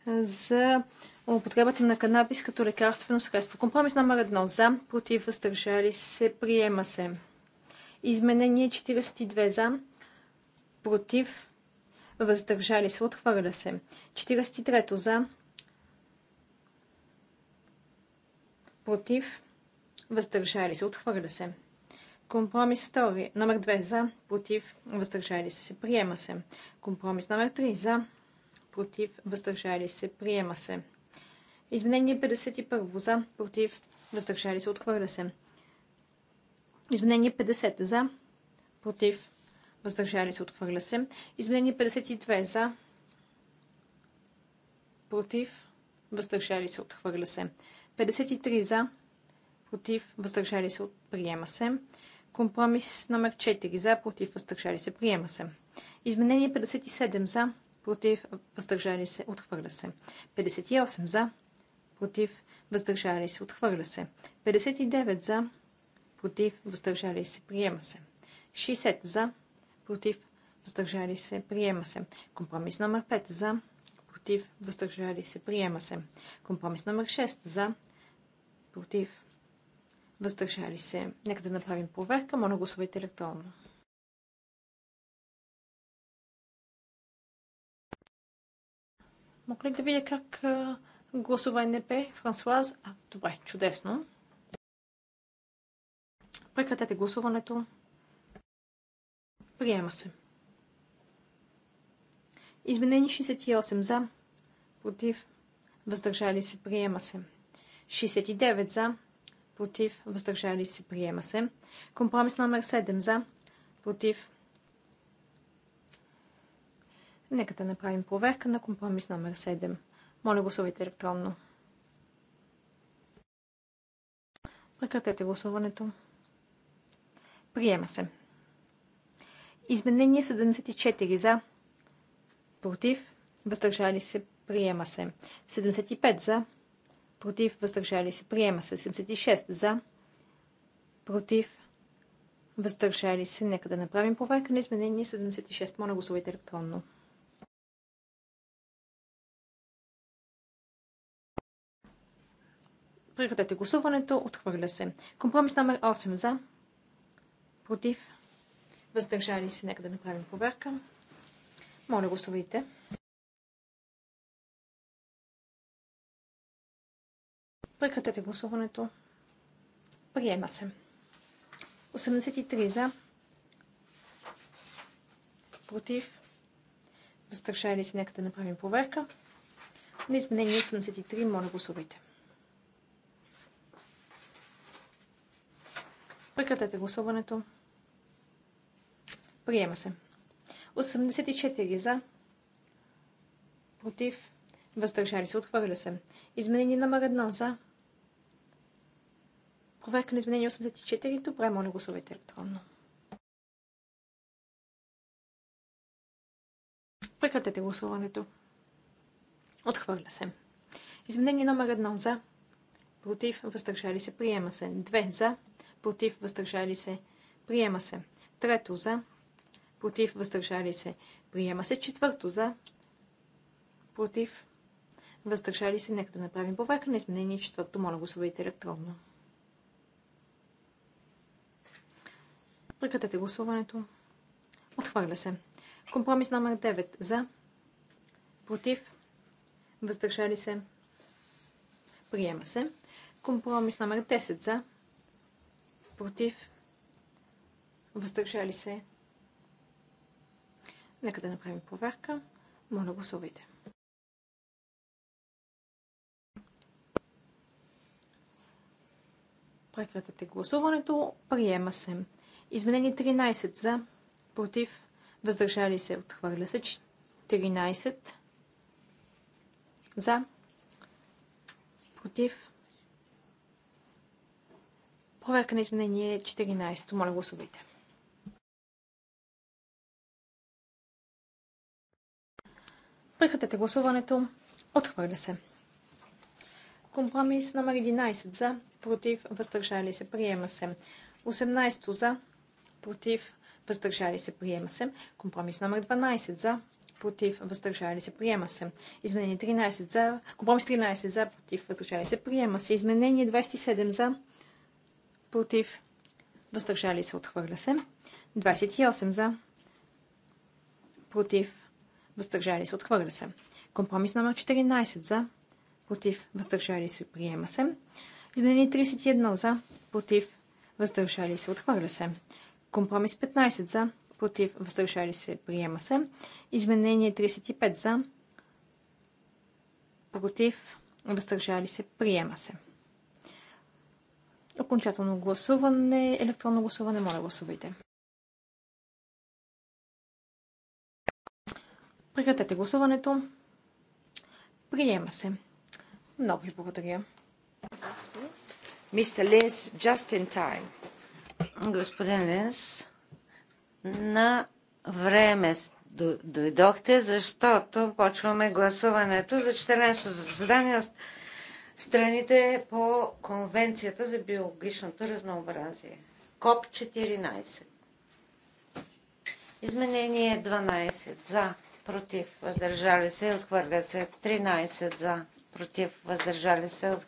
за употребата на канабис като лекарствено средство. Компромис номер едно. За, против, въздържали се, приема се. Изменение 42 за, против, въздържали се, отхвърля се. 43 за, против, въздържали се, отхвърля се. Компромис 2. Номер 2 за, против, въздържали се, приема се. Компромис номер 3 за, против, въздържали се, приема се. Изменение 51 за, против, въздържали се, отхвърля се. Изменение 50 за, против, въздържали се, отхвърля се. Изменение 52 за, против, въздържали се, отхвърля се. 53 за, против, въздържали се, приема се. Компромис номер 4. За, против, въздържали се. Приема се. Изменение 57. За, против, въздържали се. Отхвърля се. 58. За, против, въздържали се. Отхвърля се. 59. За, против, въздържали се. Приема се. 60. За, против, въздържали се. Приема се. Компромис номер 5. За, против, въздържали се. Приема се. Компромис номер 6. За, против, въздържали се. Нека да направим проверка. Моля, гласувайте електронно. Мога ли да видя как гласува НП Франсуаз? А, добре, чудесно. Прекратете гласуването. Приема се. Изменени 68 за, против, въздържали се, приема се. 69 за, против, въздържали се, приема се. Компромис номер 7 за, против. Нека да направим проверка на компромис номер 7. Моля гласувайте електронно. Прекратете гласуването. Приема се. Изменение 74 за, против, въздържали се, приема се. 75 за, против, въздържали се, приема се. 76 за, против, въздържали се. Нека да направим проверка на изменение 76. Моля, гласувайте електронно. Прекратете гласуването. Отхвърля се. Компромис номер 8 за. Против. Въздържали се. Нека да направим проверка. Моля, гласувайте. Прекратете гласуването. Приема се. 83 за. Против. Въздържали се, нека да направим проверка. На изменение 83, моля гласувайте. Прекратете гласуването. Приема се. 84 за. Против. Въздържали се. Отхвърля се. Изменение номер 1 за. Проверка на изменение 84. Добре, моля съвете електронно. Прекратете гласуването. Отхвърля се. Изменение номер 1 за. Против, въздържали се, приема се. 2 за. Против, въздържали се, приема се. Трето за. Против, въздържали се, приема се. Четвърто за. Против, въздържали се. Нека да направим проверка на изменение четвърто. Моля, съвете електронно. Прекратете гласуването. Отхвърля се. Компромис номер 9. За. Против. Въздържали се. Приема се. Компромис номер 10. За. Против. Въздържали се. Нека да направим проверка. Моля, гласувайте. Прекратете гласуването. Приема се. Изменени 13 за, против, въздържали се, отхвърля се. 14 за, против. Проверка на изменение 14. Моля гласувайте. Прекратете гласуването. Отхвърля се. Компромис номер 11 за, против, въздържали се, приема се. 18 за, против, въздържали се, приема се. Компромис номер 12 за, против, въздържали се, приема се. Изменение 13 за, компромис 13 за, против, въздържали се, приема се. Изменение 27 за, против, въздържали се, отхвърля се. 28 за, против, въздържали се, отхвърля се. Компромис номер 14 за, против, въздържали се, приема се. Изменение 31 за, против, въздържали се, отхвърля се. Компромис 15 за, против, въздържали се, приема се. Изменение 35 за, против, въздържали се, приема се. Окончателно гласуване, електронно гласуване, моля гласувайте. Прекратете гласуването. Приема се. Много ви благодаря. Мистер Линс, just in time господин Линс, на време дойдохте, защото почваме гласуването за 14-то заседание на страните по Конвенцията за биологичното разнообразие. КОП 14. Изменение 12. За, против, въздържали се, отхвърля се. 13. За, против, въздържали се, отхвърля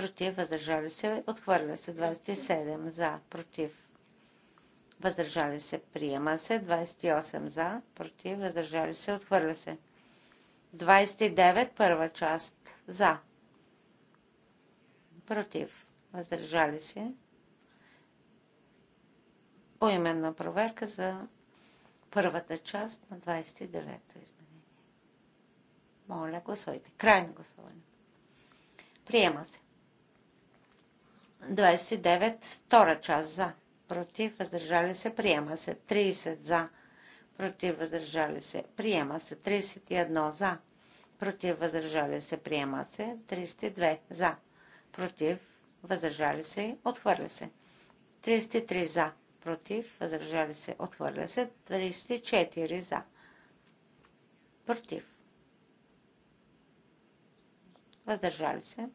против, въздържали се, отхвърля се. 27 за, против, въздържали се, приема се. 28 за, против, въздържали се, отхвърля се. 29 първа част за, против, въздържали се. Поименна проверка за първата част на 29-то изменение. Моля, гласувайте. Край на гласуване. Приема се. 29, втора част за, против, въздържали се, приема се. 30 за, против, въздържали се, приема се. 31 за, против, въздържали се, приема се. 32 за, против, въздържали се, отхвърля се. 33 за, против, въздържали се, отхвърля се. 34 за, против, въздържали се.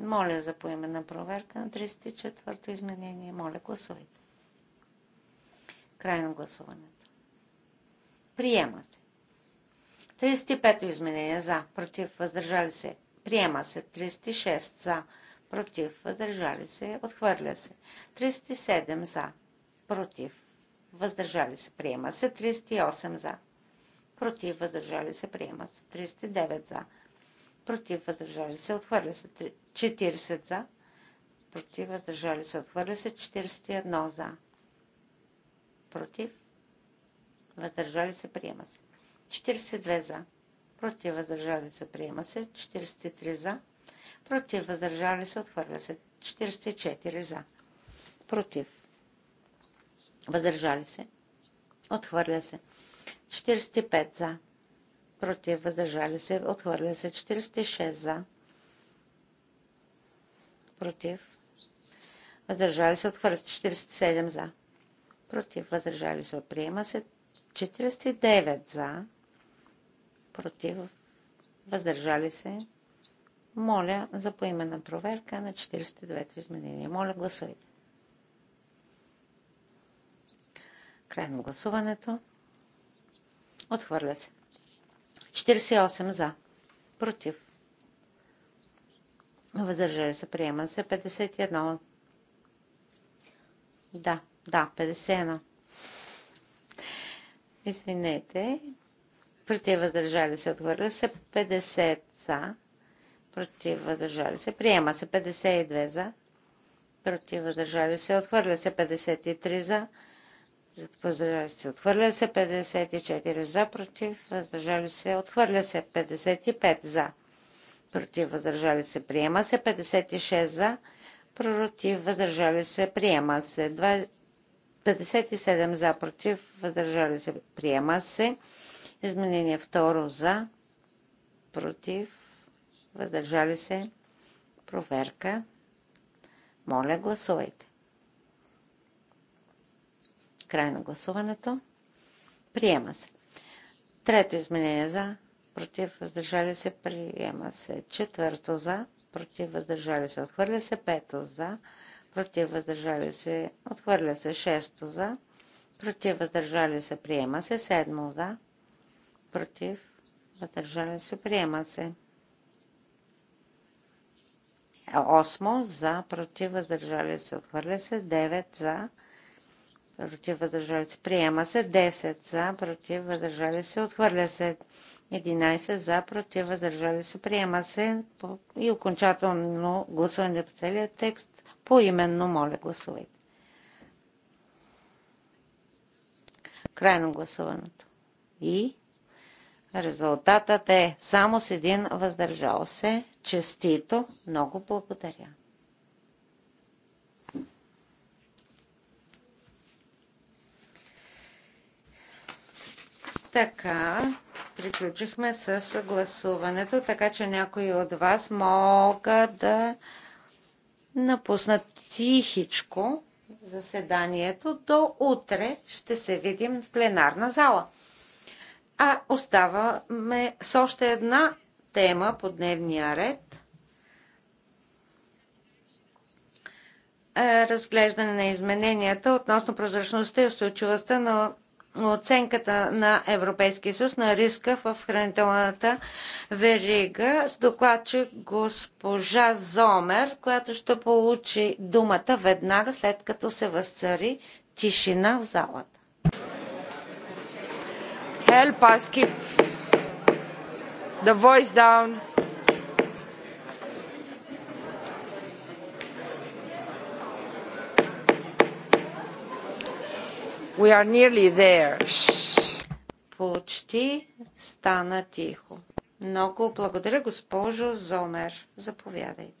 Моля за поименна проверка на 34-то изменение. Моля, гласувайте. Край на гласуването. Приема се. 35-то изменение за, против, въздържали се. Приема се. 36 за, против, въздържали се. Отхвърля се. 37 за, против, въздържали се. Приема се. 38 за, против, въздържали се. Приема се. 39 за, против, въздържали се, отхвърля се 40 за, против, въздържали се, отхвърля се 41 за, против, въздържали се, приема се 42 за, против, въздържали се, приема се 43 за, против, въздържали се, отхвърля се 44 за, против, въздържали се, отхвърля се 45 за, против, въздържали се, отхвърля се 46 за, против, въздържали се, отхвърля се 47 за, против, въздържали се, приема се 49 за, против, въздържали се. Моля за поименна проверка на 49-то изменение. Моля, гласувайте. Край на гласуването. Отхвърля се. 48 за. Против. Въздържали се. Приема се. 51. Да, да, 51. Извинете. Против въздържали се. Отхвърля се. 50 за. Против въздържали се. Приема се. 52 за. Против въздържали се. Отхвърля се. 53 за въздържали се, отхвърля се 54 за, против, въздържали се, отхвърля се 55 за, против, въздържали се, приема се 56 за, против, въздържали се, приема се 57 за, против, въздържали се, приема се. Изменение второ за, против, въздържали се, проверка. Моля, гласувайте. Край на гласуването. Приема се. Трето изменение за, против, въздържали се, приема се. Четвърто за, против, въздържали се, отхвърля се. Пето за, против, въздържали се, отхвърля се. Шесто за, против, въздържали се, приема се. Седмо за, против, въздържали се, приема се. Осмо за, против, въздържали се, отхвърля се. Девет за, против, против въздържали се. Приема се 10 за, против въздържали се. Отхвърля се 11 за, против въздържали се. Приема се и окончателно гласуване по целия текст. Поименно, моля, гласувайте. Край на гласуването. И резултатът е само с един въздържал се. Честито. Много благодаря. Така, приключихме с гласуването, така че някои от вас могат да напуснат тихичко заседанието. До утре ще се видим в пленарна зала. А оставаме с още една тема по дневния ред. Е, разглеждане на измененията относно прозрачността и устойчивостта на оценката на Европейския съюз на риска в хранителната верига с докладчик госпожа Зомер, която ще получи думата веднага след като се възцари тишина в залата. Help us keep the voice down. We are nearly there. Почти стана тихо. Много благодаря, госпожо Зомер. Заповядайте.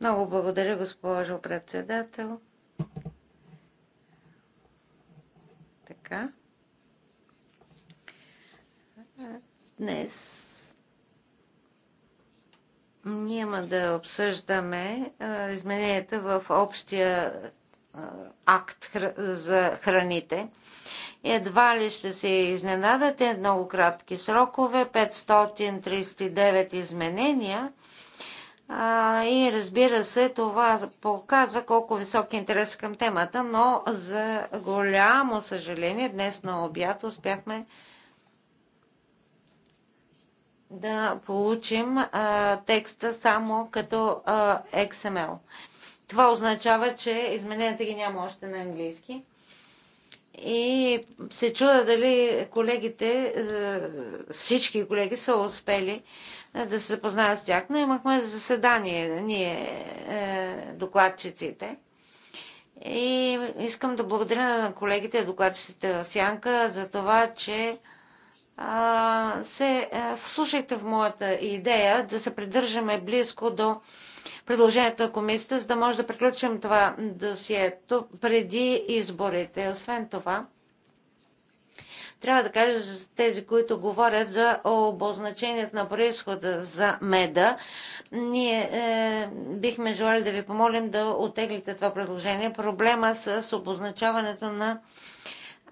Много благодаря, госпожо председател. Така. Днес няма да обсъждаме измененията в общия акт за храните. Едва ли ще се изненадате, много кратки срокове, 539 изменения. и разбира се, това показва колко висок интерес към темата, но за голямо съжаление днес на обяд успяхме да получим а, текста само като а, XML. Това означава, че измененията ги няма още на английски. И се чуда дали колегите, всички колеги са успели да се запознаят с тях, но имахме заседание, ние, докладчиците. И искам да благодаря на колегите, докладчиците в Сянка, за това, че се вслушайте в моята идея да се придържаме близко до предложението на комисията, за да може да приключим това досието преди изборите. Освен това, трябва да кажа за тези, които говорят за обозначението на происхода за меда. Ние е, бихме желали да ви помолим да отеглите това предложение. Проблема с обозначаването на е,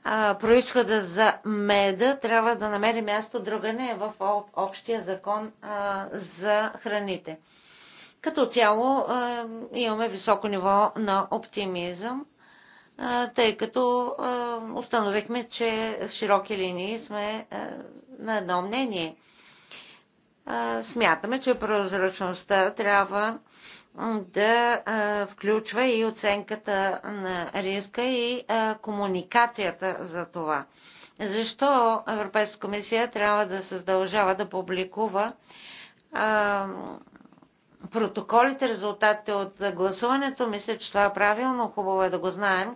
а, происхода за меда трябва да намери място другане в общия закон а, за храните. Като цяло а, имаме високо ниво на оптимизъм, а, тъй като а, установихме, че в широки линии сме а, на едно мнение. А, смятаме, че прозрачността трябва да включва и оценката на риска и комуникацията за това. Защо Европейската комисия трябва да се задължава да публикува протоколите, резултатите от гласуването? Мисля, че това е правилно, хубаво е да го знаем.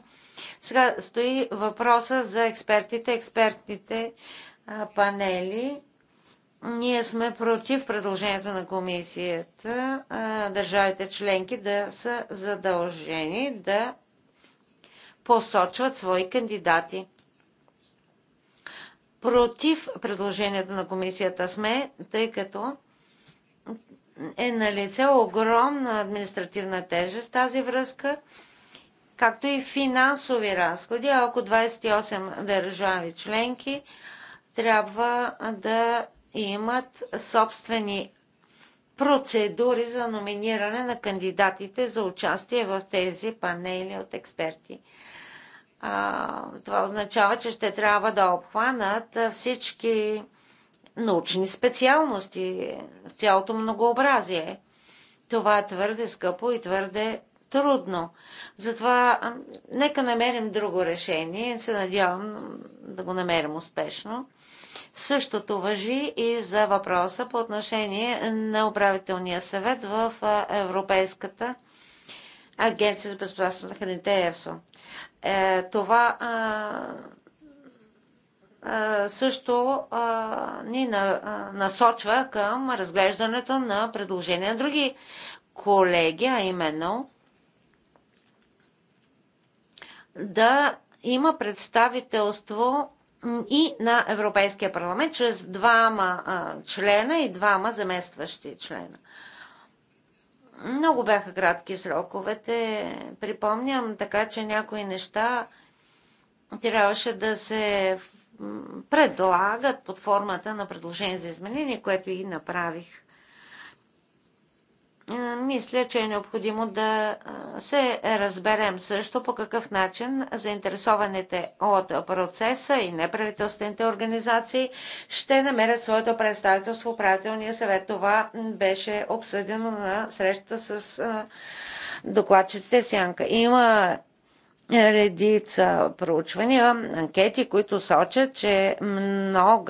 Сега стои въпроса за експертите, експертните панели ние сме против предложението на комисията държавите членки да са задължени да посочват свои кандидати. Против предложението на комисията сме, тъй като е на лице огромна административна тежест тази връзка, както и финансови разходи, ако 28 държави членки трябва да и имат собствени процедури за номиниране на кандидатите за участие в тези панели от експерти. Това означава, че ще трябва да обхванат всички научни специалности с цялото многообразие. Това е твърде скъпо и твърде трудно. Затова нека намерим друго решение. Се надявам да го намерим успешно. Същото въжи и за въпроса по отношение на управителния съвет в Европейската агенция за безопасност на храните ЕФСО. Е, това е, също е, ни на, насочва към разглеждането на предложения на други колеги, а именно да има представителство и на Европейския парламент чрез двама члена и двама заместващи члена. Много бяха кратки сроковете. Припомням така, че някои неща трябваше да се предлагат под формата на предложение за изменение, което и направих мисля, че е необходимо да се разберем също по какъв начин заинтересованите от процеса и неправителствените организации ще намерят своето представителство в управителния съвет. Това беше обсъдено на срещата с докладчиците в Сянка. Има редица проучвания, анкети, които сочат, че много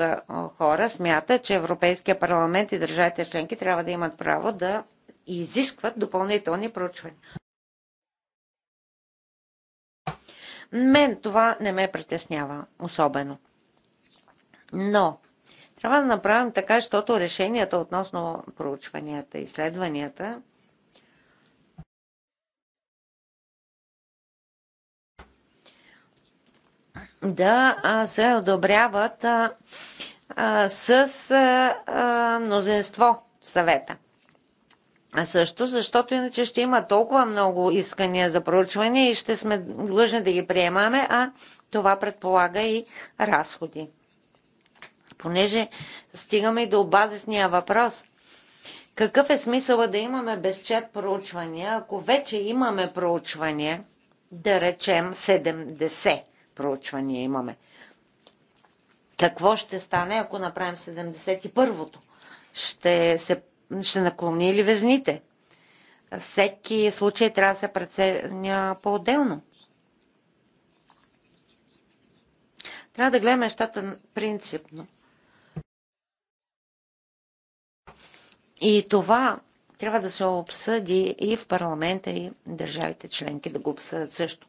хора смятат, че Европейския парламент и държавите членки трябва да имат право да и изискват допълнителни проучвания. Мен това не ме притеснява особено. Но трябва да направим така, защото решенията относно проучванията, изследванията да се одобряват с мнозинство в съвета също, защото иначе ще има толкова много искания за проучване и ще сме длъжни да ги приемаме, а това предполага и разходи. Понеже стигаме и до базисния въпрос. Какъв е смисълът да имаме безчет проучвания, ако вече имаме проучвания, да речем 70 проучвания имаме? Какво ще стане, ако направим 71-то? Ще се ще наклони ли везните. Всеки случай трябва да се преценя по-отделно. Трябва да гледаме нещата принципно. И това трябва да се обсъди и в парламента, и държавите членки да го обсъдят също.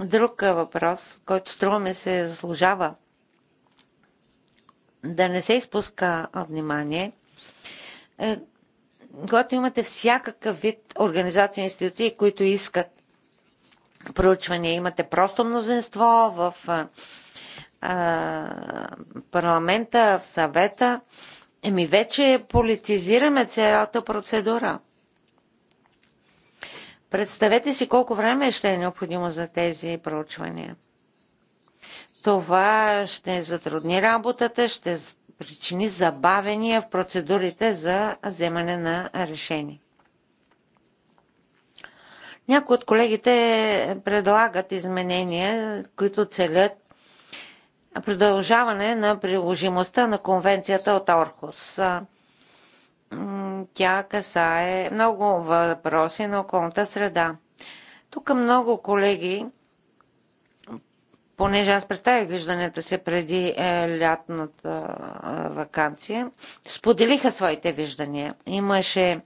Друг въпрос, който струваме, се заслужава да не се изпуска внимание, е, когато имате всякакъв вид организации и институции, които искат проучвания, имате просто мнозинство в е, е, парламента, в съвета, еми вече политизираме цялата процедура. Представете си колко време ще е необходимо за тези проучвания. Това ще затрудни работата, ще причини забавения в процедурите за вземане на решение. Някои от колегите предлагат изменения, които целят продължаване на приложимостта на конвенцията от Орхус. Тя касае много въпроси на околната среда. Тук много колеги понеже аз представих виждането си преди е, лятната е, вакансия, споделиха своите виждания. Имаше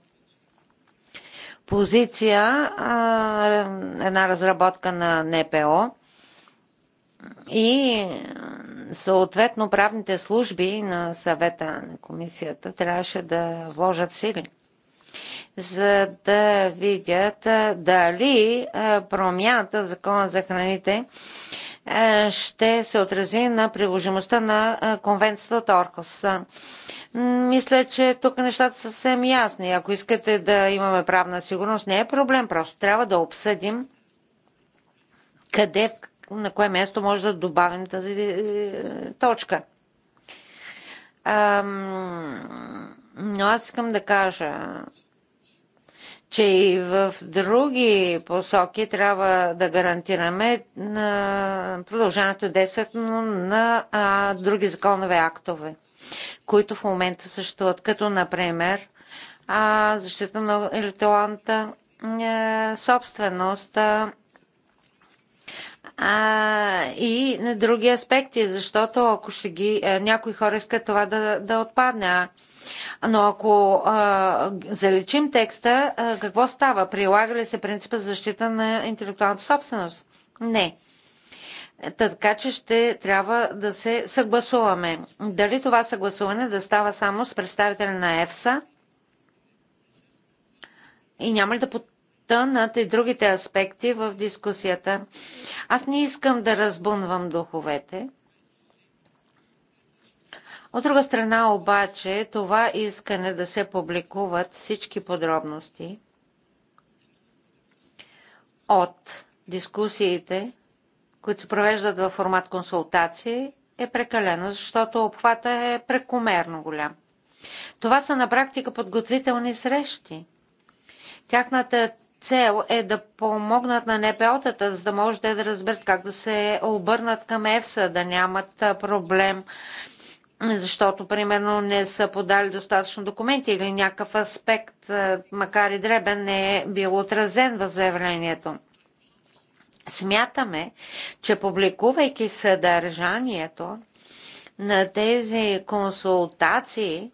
позиция, е, една разработка на НПО и съответно правните служби на съвета на комисията трябваше да вложат сили за да видят дали промяната в закона за храните е, ще се отрази на приложимостта на е, конвенцията от Оркос. Мисля, че тук нещата са съвсем ясни. Ако искате да имаме правна сигурност, не е проблем, просто трябва да обсъдим къде, на кое място може да добавим тази е, точка. Но аз искам да кажа, че и в други посоки трябва да гарантираме продължаването действието на други законови актове, които в момента съществуват, като например защита на електронната собственост а, и на други аспекти, защото ако ще ги, някои хора искат това да, да отпадне, а но ако а, заличим текста, а, какво става? Прилага ли се принципа за защита на интелектуалната собственост? Не. Така че ще трябва да се съгласуваме. Дали това съгласуване да става само с представителя на ЕФСА и няма ли да потънат и другите аспекти в дискусията? Аз не искам да разбунвам духовете. От друга страна обаче, това искане да се публикуват всички подробности от дискусиите, които се провеждат във формат консултации, е прекалено, защото обхвата е прекомерно голям. Това са на практика подготвителни срещи. Тяхната цел е да помогнат на НПО-тата, за да може да разберат как да се обърнат към ЕФСА, да нямат проблем защото, примерно, не са подали достатъчно документи или някакъв аспект, е, макар и дребен, не е бил отразен в заявлението. Смятаме, че публикувайки съдържанието на тези консултации,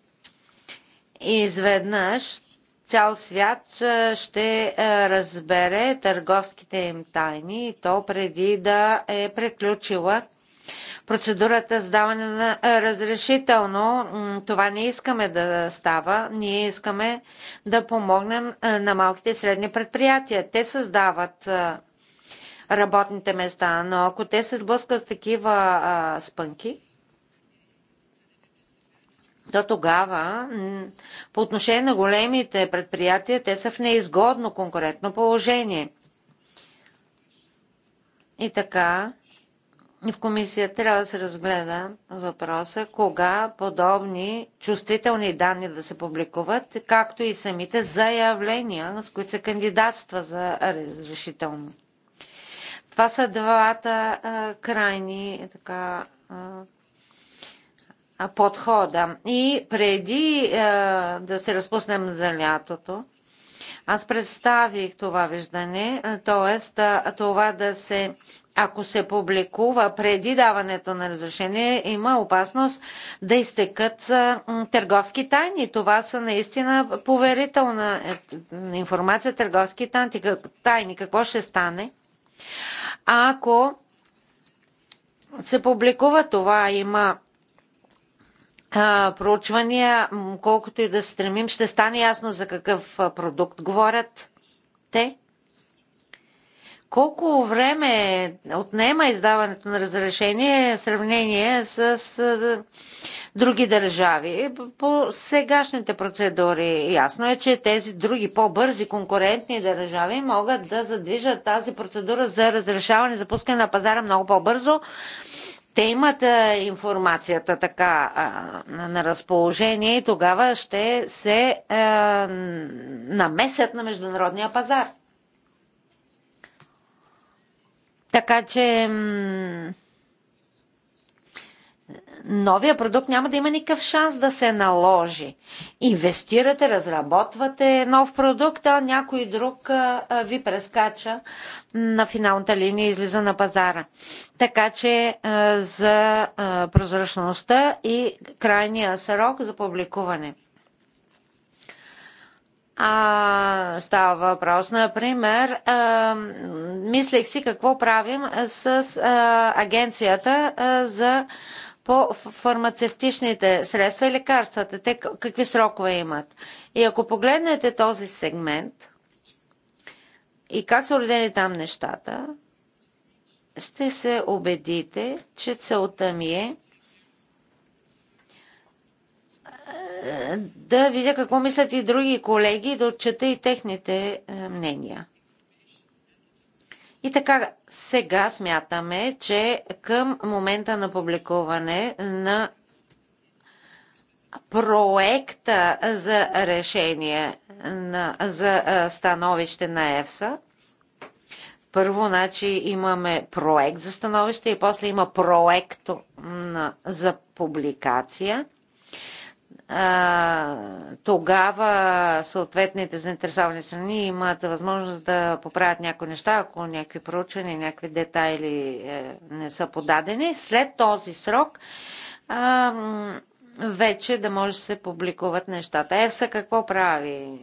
изведнъж цял свят е, ще е, разбере търговските им тайни и то преди да е приключила процедурата с даване на разрешително. Това не искаме да става. Ние искаме да помогнем на малките и средни предприятия. Те създават работните места, но ако те се сблъскат с такива спънки, то тогава по отношение на големите предприятия те са в неизгодно конкурентно положение. И така, в комисия трябва да се разгледа въпроса кога подобни чувствителни данни да се публикуват, както и самите заявления, с които се кандидатства за разрешително. Това са двата а, крайни така, а, подхода. И преди а, да се разпуснем за лятото, аз представих това виждане, т.е. това да се ако се публикува преди даването на разрешение, има опасност да изтекат търговски тайни. Това са наистина поверителна е, информация, търговски тайни. Какво ще стане? Ако се публикува това, има проучвания, колкото и да се стремим, ще стане ясно за какъв продукт говорят те. Колко време отнема издаването на разрешение в сравнение с е, други държави? По сегашните процедури ясно е, че тези други по-бързи конкурентни държави могат да задвижат тази процедура за разрешаване за пускане на пазара много по-бързо. Те имат е, информацията така на разположение и тогава ще се е, намесят на международния пазар. Така че новия продукт няма да има никакъв шанс да се наложи. Инвестирате, разработвате нов продукт, а някой друг ви прескача на финалната линия и излиза на пазара. Така че за прозрачността и крайния срок за публикуване. А, става въпрос, например, а, мислех си какво правим с а, агенцията а, за по фармацевтичните средства и лекарствата, те какви срокове имат. И ако погледнете този сегмент и как са уредени там нещата, ще се убедите, че целта ми е да видя какво мислят и други колеги, да отчета и техните е, мнения. И така, сега смятаме, че към момента на публикуване на проекта за решение на, за е, становище на ЕФСА, първо, значи имаме проект за становище и после има проект на, за публикация – тогава съответните заинтересовани страни имат възможност да поправят някои неща, ако някакви проучвания, някакви детайли е, не са подадени. След този срок вече да може да се публикуват нещата. ЕФСА какво прави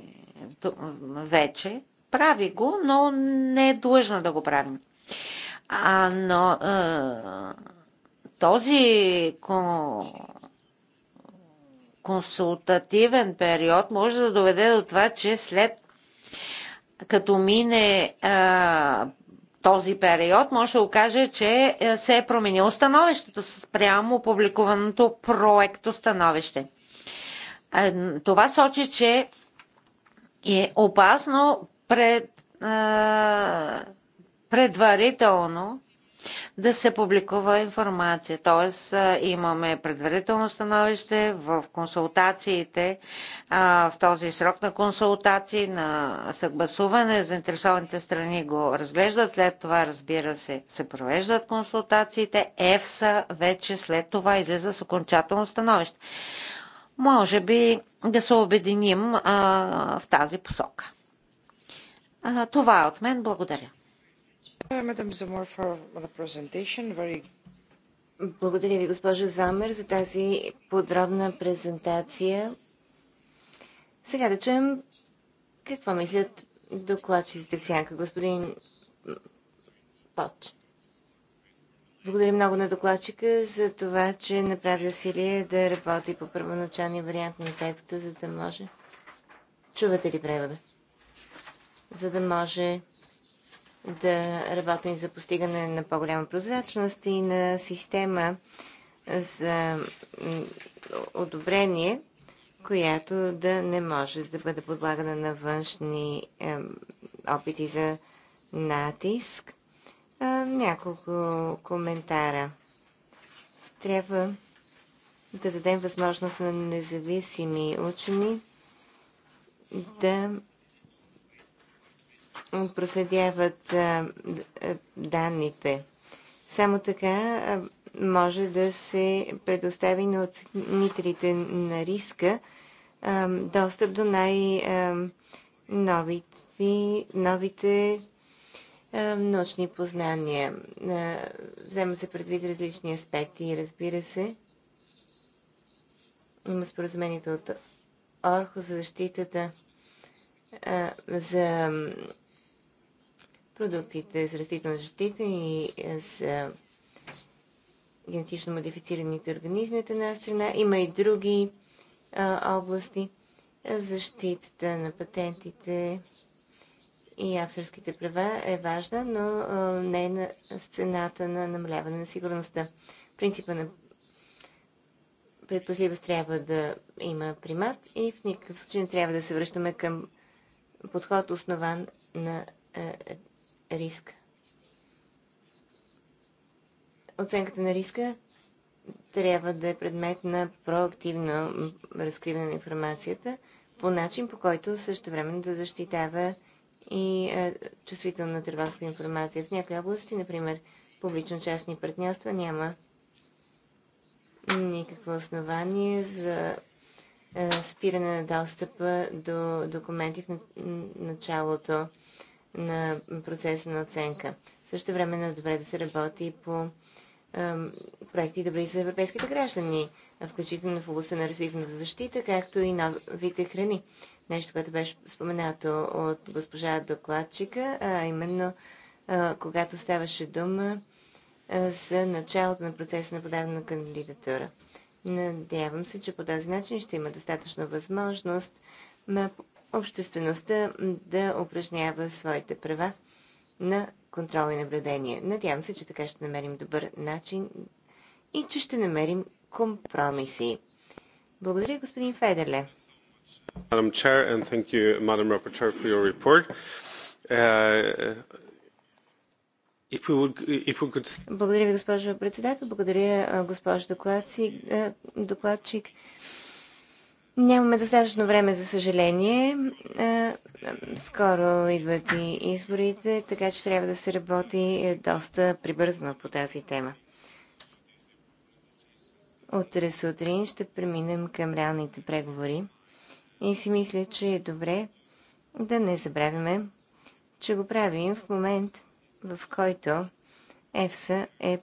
вече? Прави го, но не е длъжна да го правим. А, но а, е, този консултативен период може да доведе до това, че след като мине а, този период, може да окаже, че се е променило становището спрямо публикуваното проекто становище. Това сочи, че е опасно пред, а, предварително да се публикува информация. Тоест имаме предварително становище в консултациите, в този срок на консултации, на съгласуване. Заинтересованите страни го разглеждат. След това, разбира се, се провеждат консултациите. ЕФСА вече след това излиза с окончателно становище. Може би да се обединим а, в тази посока. А, това е от мен. Благодаря. Благодаря ви, госпожо Замер, за тази подробна презентация. Сега да чуем какво мислят докладчиците в сянка, господин Поч. Благодаря много на докладчика за това, че направи усилие да работи по първоначалния вариант на текста, за да може... Чувате ли превода? За да може да работим за постигане на по-голяма прозрачност и на система за одобрение, която да не може да бъде подлагана на външни опити за натиск. няколко коментара. Трябва да дадем възможност на независими учени да проследяват данните. Само така може да се предостави на оценителите на риска достъп до най-новите новите научни познания. Взема се предвид различни аспекти, разбира се. Има споразумението от Орхо за защитата за продуктите за растителна защита и е, за генетично модифицираните организми от една страна. Има и други а, области. Защитата на патентите и авторските права е важна, но а, не е на сцената на намаляване на сигурността. Принципа на предпазливост трябва да има примат и в никакъв случай не трябва да се връщаме към подход основан на е, риск. Оценката на риска трябва да е предмет на проактивно разкриване на информацията по начин, по който също време да защитава и е, чувствителна търговска информация. В някои области, например, публично-частни партньорства, няма никакво основание за е, спиране на достъпа до документи в началото на процеса на оценка. Също време е добре да се работи по проекти проекти добри за европейските граждани, включително в областта на растителната защита, както и новите храни. Нещо, което беше споменато от госпожа докладчика, а именно е, когато ставаше дума е, за началото на процеса на подаване на кандидатура. Надявам се, че по този начин ще има достатъчно възможност на обществеността да упражнява своите права на контрол и наблюдение. Надявам се, че така ще намерим добър начин и че ще намерим компромиси. Благодаря, господин Федерле. Madam Chair, and thank you, Madam Rapporteur, for your report. Uh, Благодаря ви, госпожо председател. Благодаря, госпожо докладчик. Нямаме достатъчно време, за съжаление. Е, скоро идват и изборите, така че трябва да се работи е, доста прибързно по тази тема. Утре сутрин ще преминем към реалните преговори и си мисля, че е добре да не забравяме, че го правим в момент, в който ЕФСА е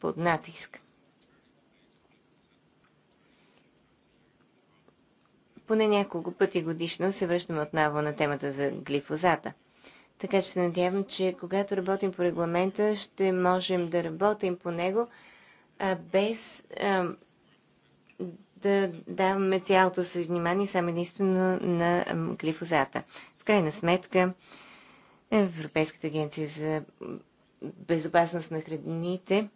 под натиск. Поне няколко пъти годишно се връщаме отново на темата за глифозата. Така че се надявам, че когато работим по регламента, ще можем да работим по него а, без а, да даваме цялото си внимание само единствено на глифозата. В крайна сметка, Европейската агенция за безопасност на храните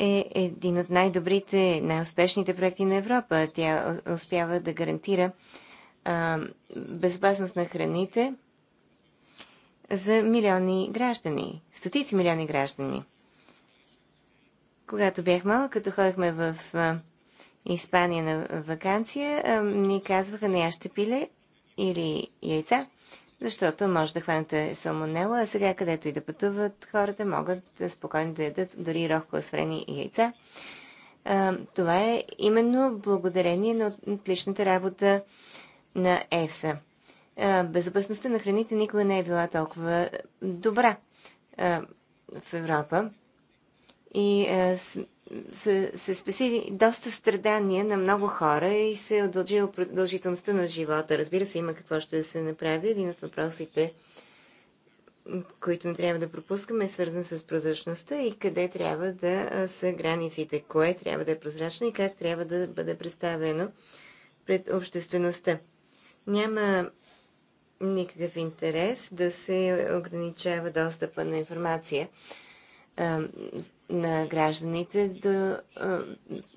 е един от най-добрите, най-успешните проекти на Европа. Тя успява да гарантира а, безопасност на храните за милиони граждани, стотици милиони граждани. Когато бях малък, като ходихме в а, Испания на вакансия, а, ни казваха не ще пиле или яйца, защото може да хванете салмонела, а сега където и да пътуват хората, могат да спокойно да ядат дори рохко освени и яйца. А, това е именно благодарение на отличната работа на ЕФСА. безопасността на храните никога не е била толкова добра а, в Европа. И са се спасили доста страдания на много хора и се е удължила продължителността на живота. Разбира се, има какво ще се направи. Един от въпросите, които не трябва да пропускаме, е свързан с прозрачността и къде трябва да са границите, кое трябва да е прозрачно и как трябва да бъде представено пред обществеността. Няма никакъв интерес да се ограничава достъпа на информация на гражданите до,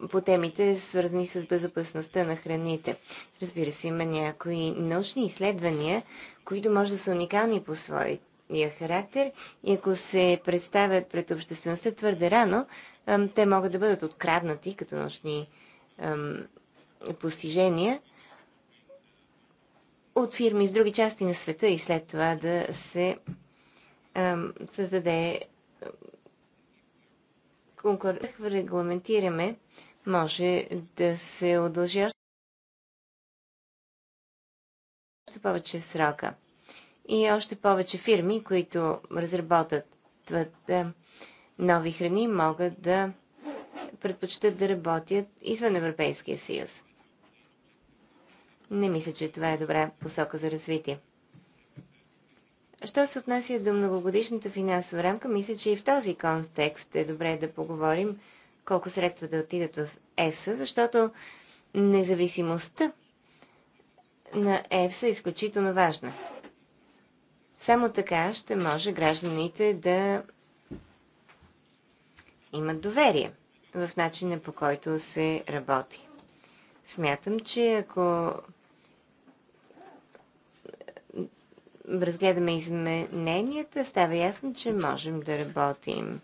по темите, свързани с безопасността на храните. Разбира се, има някои научни изследвания, които може да са уникални по своя характер и ако се представят пред обществеността твърде рано, те могат да бъдат откраднати като научни постижения от фирми в други части на света и след това да се създаде конкур... регламентираме, може да се удължи още повече срока. И още повече фирми, които разработват е, нови храни, могат да предпочитат да работят извън Европейския съюз. Не мисля, че това е добра посока за развитие. Що се отнася до многогодишната финансова рамка, мисля, че и в този контекст е добре да поговорим колко средства да отидат в ЕФСА, защото независимостта на ЕФСА е изключително важна. Само така ще може гражданите да имат доверие в начина по който се работи. Смятам, че ако разгледаме измененията, става ясно, че можем да работим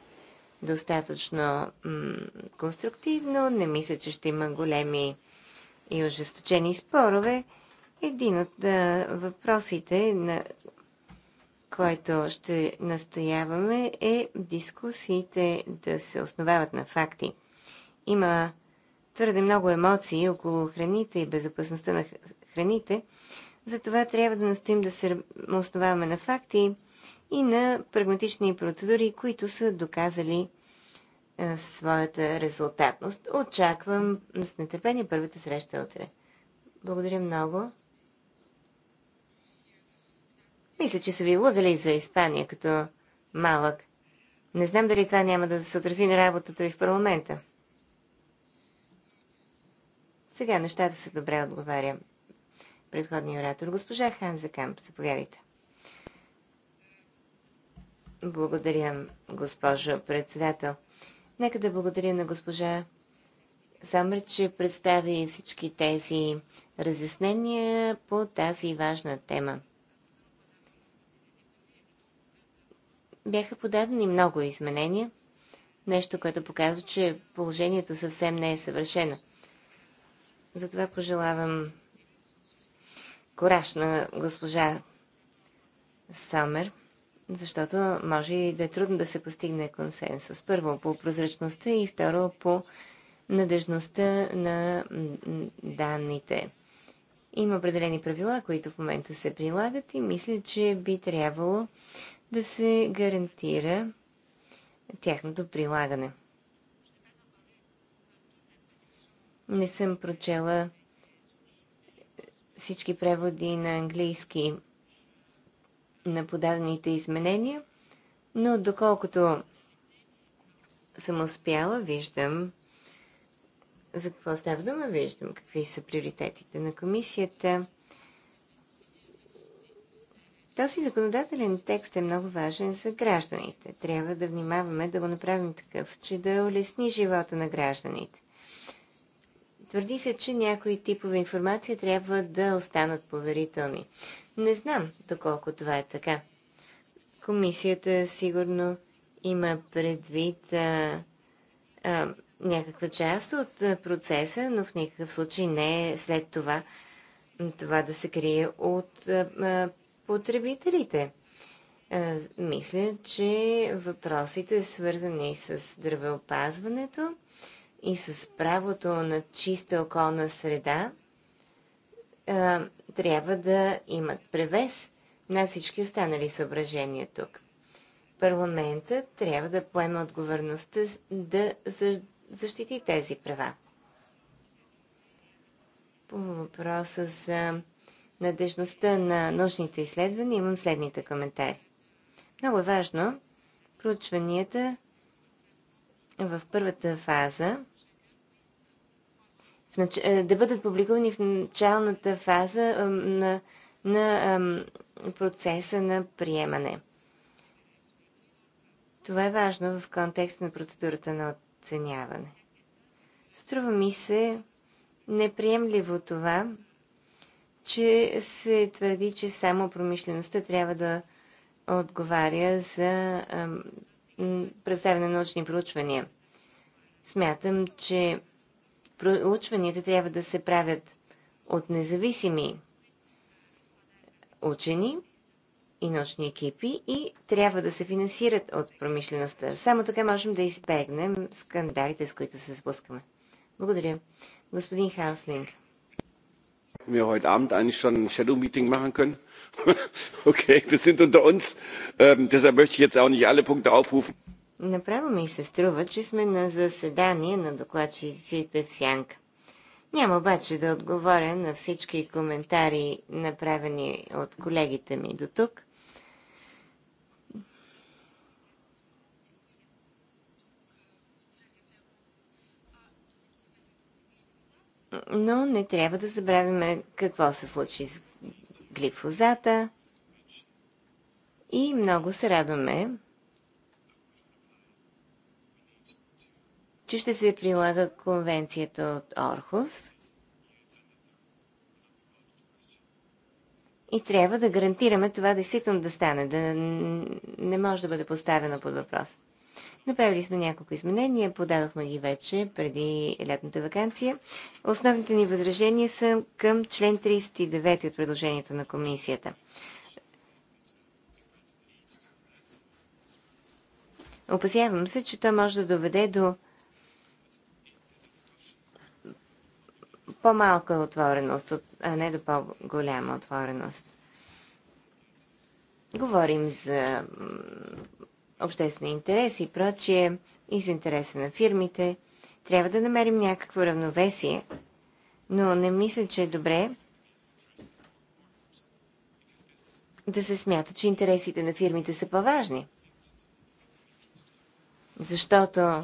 достатъчно конструктивно. Не мисля, че ще има големи и ожесточени спорове. Един от а, въпросите, на който ще настояваме, е дискусиите да се основават на факти. Има твърде много емоции около храните и безопасността на храните, затова трябва да настоим да се основаваме на факти и на прагматични процедури, които са доказали е, своята резултатност. Очаквам с нетърпение първата среща утре. Благодаря много. Мисля, че са ви лъгали за Испания като малък. Не знам дали това няма да се отрази на работата ви в парламента. Сега нещата са добре, отговарям предходния оратор. Госпожа Ханза Камп, заповядайте. Благодаря, госпожо председател. Нека да благодаря на госпожа Самрич, че представи всички тези разяснения по тази важна тема. Бяха подадени много изменения, нещо, което показва, че положението съвсем не е съвършено. Затова пожелавам кораж на госпожа Самер, защото може и да е трудно да се постигне консенсус. Първо по прозрачността и второ по надежността на данните. Има определени правила, които в момента се прилагат и мисля, че би трябвало да се гарантира тяхното прилагане. Не съм прочела всички преводи на английски на подадените изменения, но доколкото съм успяла, виждам за какво става дума, виждам какви са приоритетите на комисията. Този законодателен текст е много важен за гражданите. Трябва да внимаваме да го направим такъв, че да улесни живота на гражданите. Твърди се, че някои типове информация трябва да останат поверителни. Не знам доколко това е така. Комисията сигурно има предвид а, а, някаква част от процеса, но в никакъв случай не е след това това да се крие от а, а, потребителите. А, мисля, че въпросите, свързани с здравеопазването, и с правото на чиста околна среда а, трябва да имат превес на всички останали съображения тук. Парламентът трябва да поема отговорността да защити тези права. По въпроса за надежността на научните изследвания имам следните коментари. Много е важно проучванията в първата фаза в нач... Е, да бъдат публикувани в началната фаза на, на процеса на приемане. Това е важно в контекста на процедурата на оценяване. Струва ми се неприемливо това, че се твърди, че само промишлеността трябва да отговаря за представяне на научни проучвания. Смятам, че проучванията трябва да се правят от независими учени и научни екипи и трябва да се финансират от промишлеността. Само така можем да избегнем скандалите, с които се сблъскаме. Благодаря. Господин Хауслинг. Wir heute Abend eigentlich schon ein Shadow-Meeting machen können. Okay, wir sind unter uns. Ähm, deshalb möchte ich jetzt auch nicht alle Punkte aufrufen. Направо ми се струва, че сме на заседание на докладчиците в Сянка. Няма обаче да отговоря на всички коментари, направени от колегите ми до тук. Но не трябва да забравяме какво се случи с глифозата и много се радваме, че ще се прилага конвенцията от Орхус и трябва да гарантираме това действително да стане, да не може да бъде поставено под въпрос. Направили сме няколко изменения, подадохме ги вече преди лятната вакансия. Основните ни възражения са към член 39 от предложението на комисията. Опасявам се, че то може да доведе до по-малка отвореност, а не до по-голяма отвореност. Говорим за обществени интереси и прочие, и за интереса на фирмите. Трябва да намерим някакво равновесие, но не мисля, че е добре да се смята, че интересите на фирмите са по-важни. Защото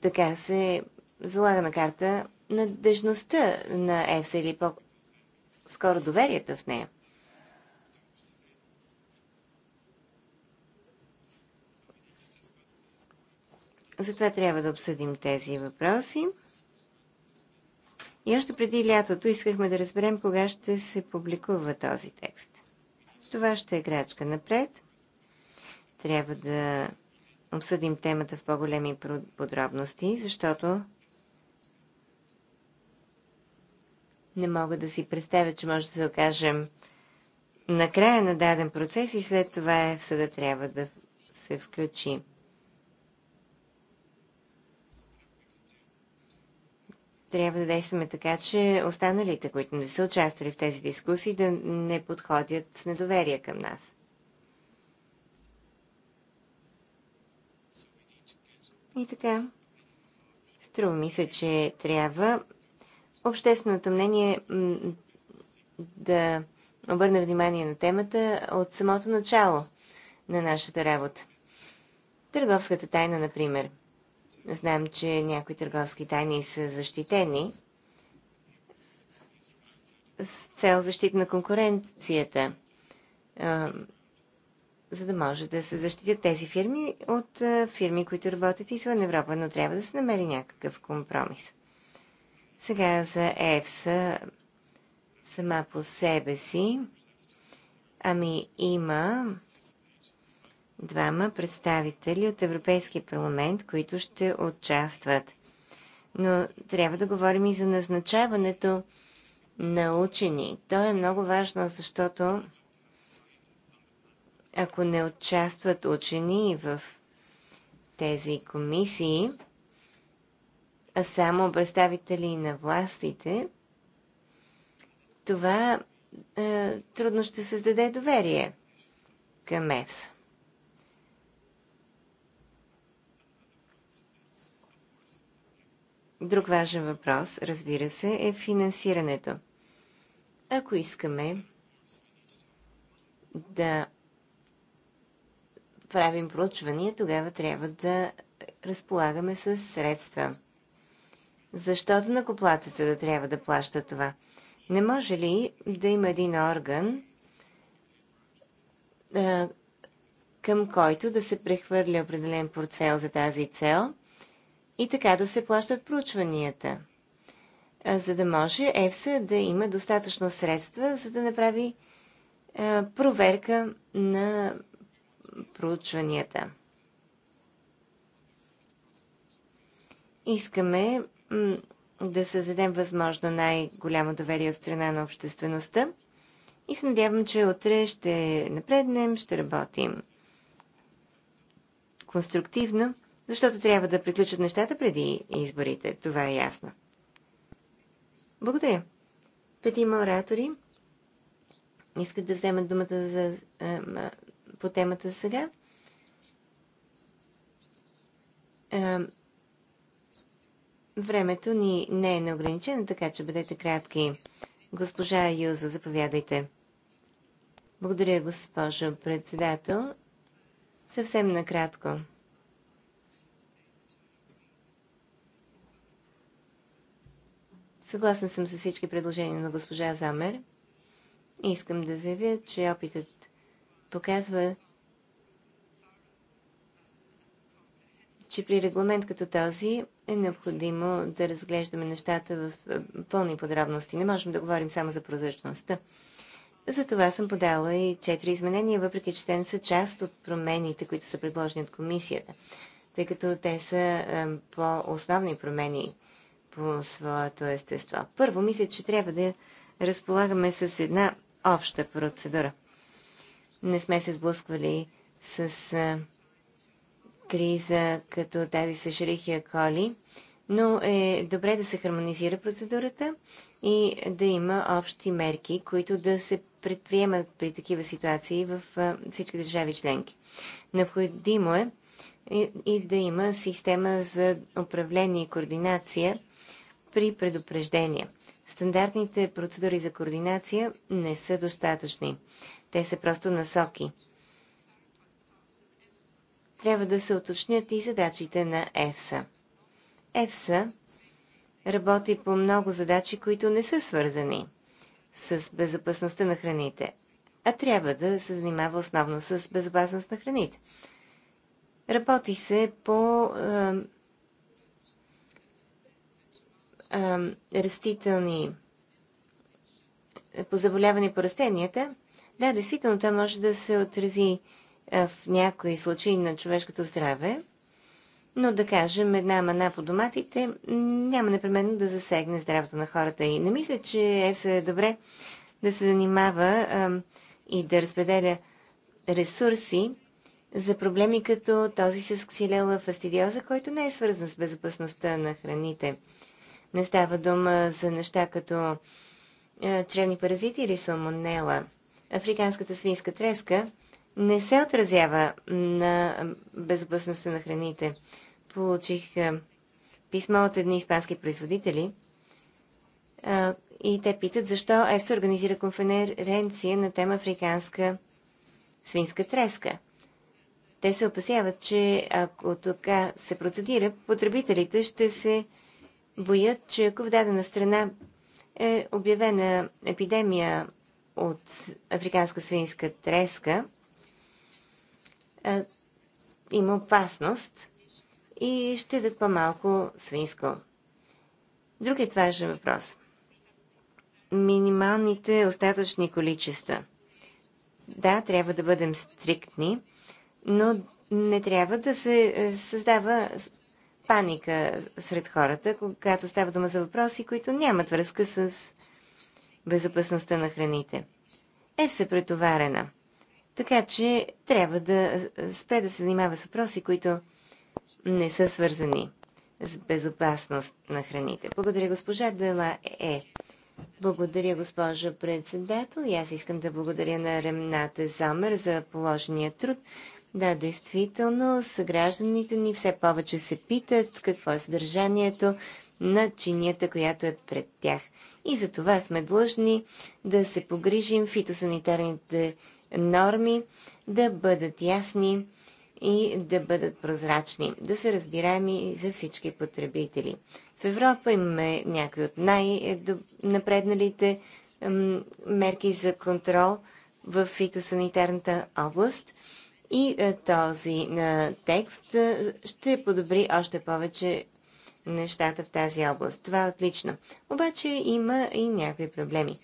така се залага на карта надежността на ЕФСА или по-скоро доверието в нея. Затова трябва да обсъдим тези въпроси. И още преди лятото искахме да разберем кога ще се публикува този текст. Това ще е крачка напред. Трябва да обсъдим темата в по-големи подробности, защото не мога да си представя, че може да се окажем на края на даден процес и след това в съда трябва да се включи. трябва да действаме така, че останалите, които не са участвали в тези дискусии, да не подходят с недоверие към нас. И така, струва ми се, че трябва общественото мнение да обърне внимание на темата от самото начало на нашата работа. Търговската тайна, например – Знам, че някои търговски тайни са защитени с цел защита на конкуренцията, за да може да се защитят тези фирми от фирми, които работят извън Европа, но трябва да се намери някакъв компромис. Сега за ЕФСА сама по себе си. Ами има двама представители от Европейския парламент, които ще участват. Но трябва да говорим и за назначаването на учени. То е много важно, защото ако не участват учени в тези комисии, а само представители на властите, това е, трудно ще създаде доверие към ЕФСА. Друг важен въпрос, разбира се, е финансирането. Ако искаме да правим проучвания, тогава трябва да разполагаме с средства. Защо знакоплатеца да трябва да плаща това? Не може ли да има един орган, към който да се прехвърля определен портфел за тази цел – и така да се плащат проучванията, за да може ЕФСА да има достатъчно средства, за да направи проверка на проучванията. Искаме да създадем възможно най-голямо доверие от страна на обществеността и се надявам, че утре ще напреднем, ще работим конструктивно защото трябва да приключат нещата преди изборите. Това е ясно. Благодаря. Петима оратори искат да вземат думата за, е, по темата сега. Е, времето ни не е неограничено, така че бъдете кратки. Госпожа Юзо, заповядайте. Благодаря, госпожо председател. Съвсем накратко. Съгласна съм с всички предложения на госпожа Замер. и Искам да заявя, че опитът показва, че при регламент като този е необходимо да разглеждаме нещата в пълни подробности. Не можем да говорим само за прозрачността. Затова съм подала и четири изменения, въпреки че те не са част от промените, които са предложени от комисията, тъй като те са по-основни промени по своето естество. Първо, мисля, че трябва да разполагаме с една обща процедура. Не сме се сблъсквали с а, криза като тази с Шерихия Коли, но е добре да се хармонизира процедурата и да има общи мерки, които да се предприемат при такива ситуации в всички държави членки. Необходимо е и да има система за управление и координация при предупреждения. Стандартните процедури за координация не са достатъчни. Те са просто насоки. Трябва да се уточнят и задачите на ЕФСА. ЕФСА работи по много задачи, които не са свързани с безопасността на храните, а трябва да се занимава основно с безопасност на храните. Работи се по е, растителни по е, заболяване по растенията, да, действително това може да се отрази в някои случаи на човешкото здраве, но да кажем една мана по доматите няма непременно да засегне здравето на хората. И не мисля, че ЕФСА е добре да се занимава а, и да разпределя ресурси за проблеми като този с ксилела фастидиоза, който не е свързан с безопасността на храните. Не става дума за неща като е, чревни паразити или салмонела. Африканската свинска треска не се отразява на е, безопасността на храните. Получих е, писма от едни испански производители и те питат защо ЕФСА организира конференция на тема африканска свинска треска. Те се опасяват, че ако тук се процедира, потребителите ще се боят, че ако в дадена страна е обявена епидемия от африканска свинска треска, е, има опасност и ще дадат по-малко свинско. Другият е важен въпрос. Минималните остатъчни количества. Да, трябва да бъдем стриктни, но не трябва да се е, създава паника сред хората, когато става дума за въпроси, които нямат връзка с безопасността на храните. Е е претоварена. Така че трябва да спре да се занимава с въпроси, които не са свързани с безопасност на храните. Благодаря, госпожа Дела Е. Благодаря, госпожа председател. И аз искам да благодаря на Ремната Замер за положения труд. Да, действително, съгражданите ни все повече се питат какво е съдържанието на чинията, която е пред тях. И за това сме длъжни да се погрижим фитосанитарните норми да бъдат ясни и да бъдат прозрачни, да са разбираеми за всички потребители. В Европа имаме някои от най-напредналите мерки за контрол в фитосанитарната област – и е, този е, текст е, ще подобри още повече нещата в тази област. Това е отлично. Обаче има и някои проблеми.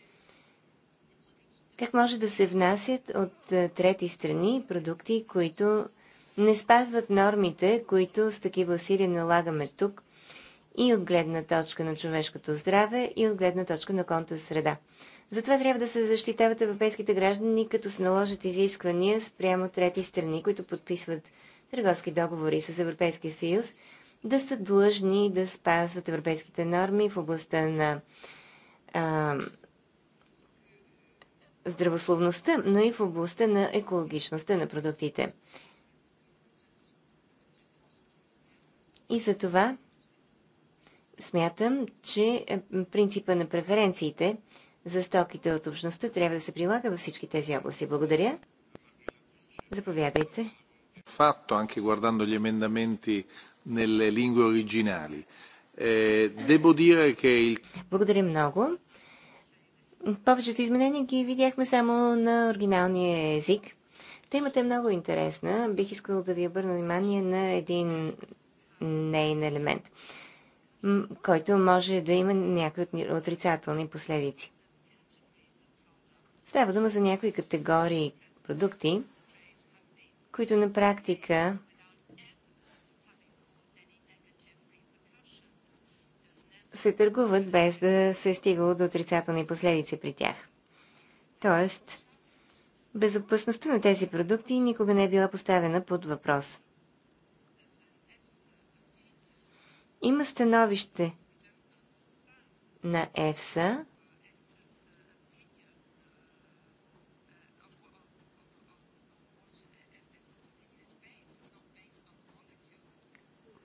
Как може да се внасят от трети страни продукти, които не спазват нормите, които с такива усилия налагаме тук и от гледна точка на човешкото здраве, и от гледна точка на конта среда. Затова трябва да се защитават европейските граждани, като се наложат изисквания спрямо трети страни, които подписват търговски договори с Европейския съюз, да са длъжни да спазват европейските норми в областта на а, здравословността, но и в областта на екологичността на продуктите. И за това смятам, че е, принципа на преференциите – за стоките от общността трябва да се прилага във всички тези области. Благодаря. Заповядайте. Fatto anche guardando gli emendamenti nelle lingue originali. devo dire che il... Благодаря много. Повечето изменения ги видяхме само на оригиналния език. Темата е много интересна. Бих искал да ви обърна внимание на един нейн елемент, който може да има някои отрицателни последици. Става дума за някои категории продукти, които на практика се търгуват без да се е стигало до отрицателни последици при тях. Тоест, безопасността на тези продукти никога не е била поставена под въпрос. Има становище на ЕФСА,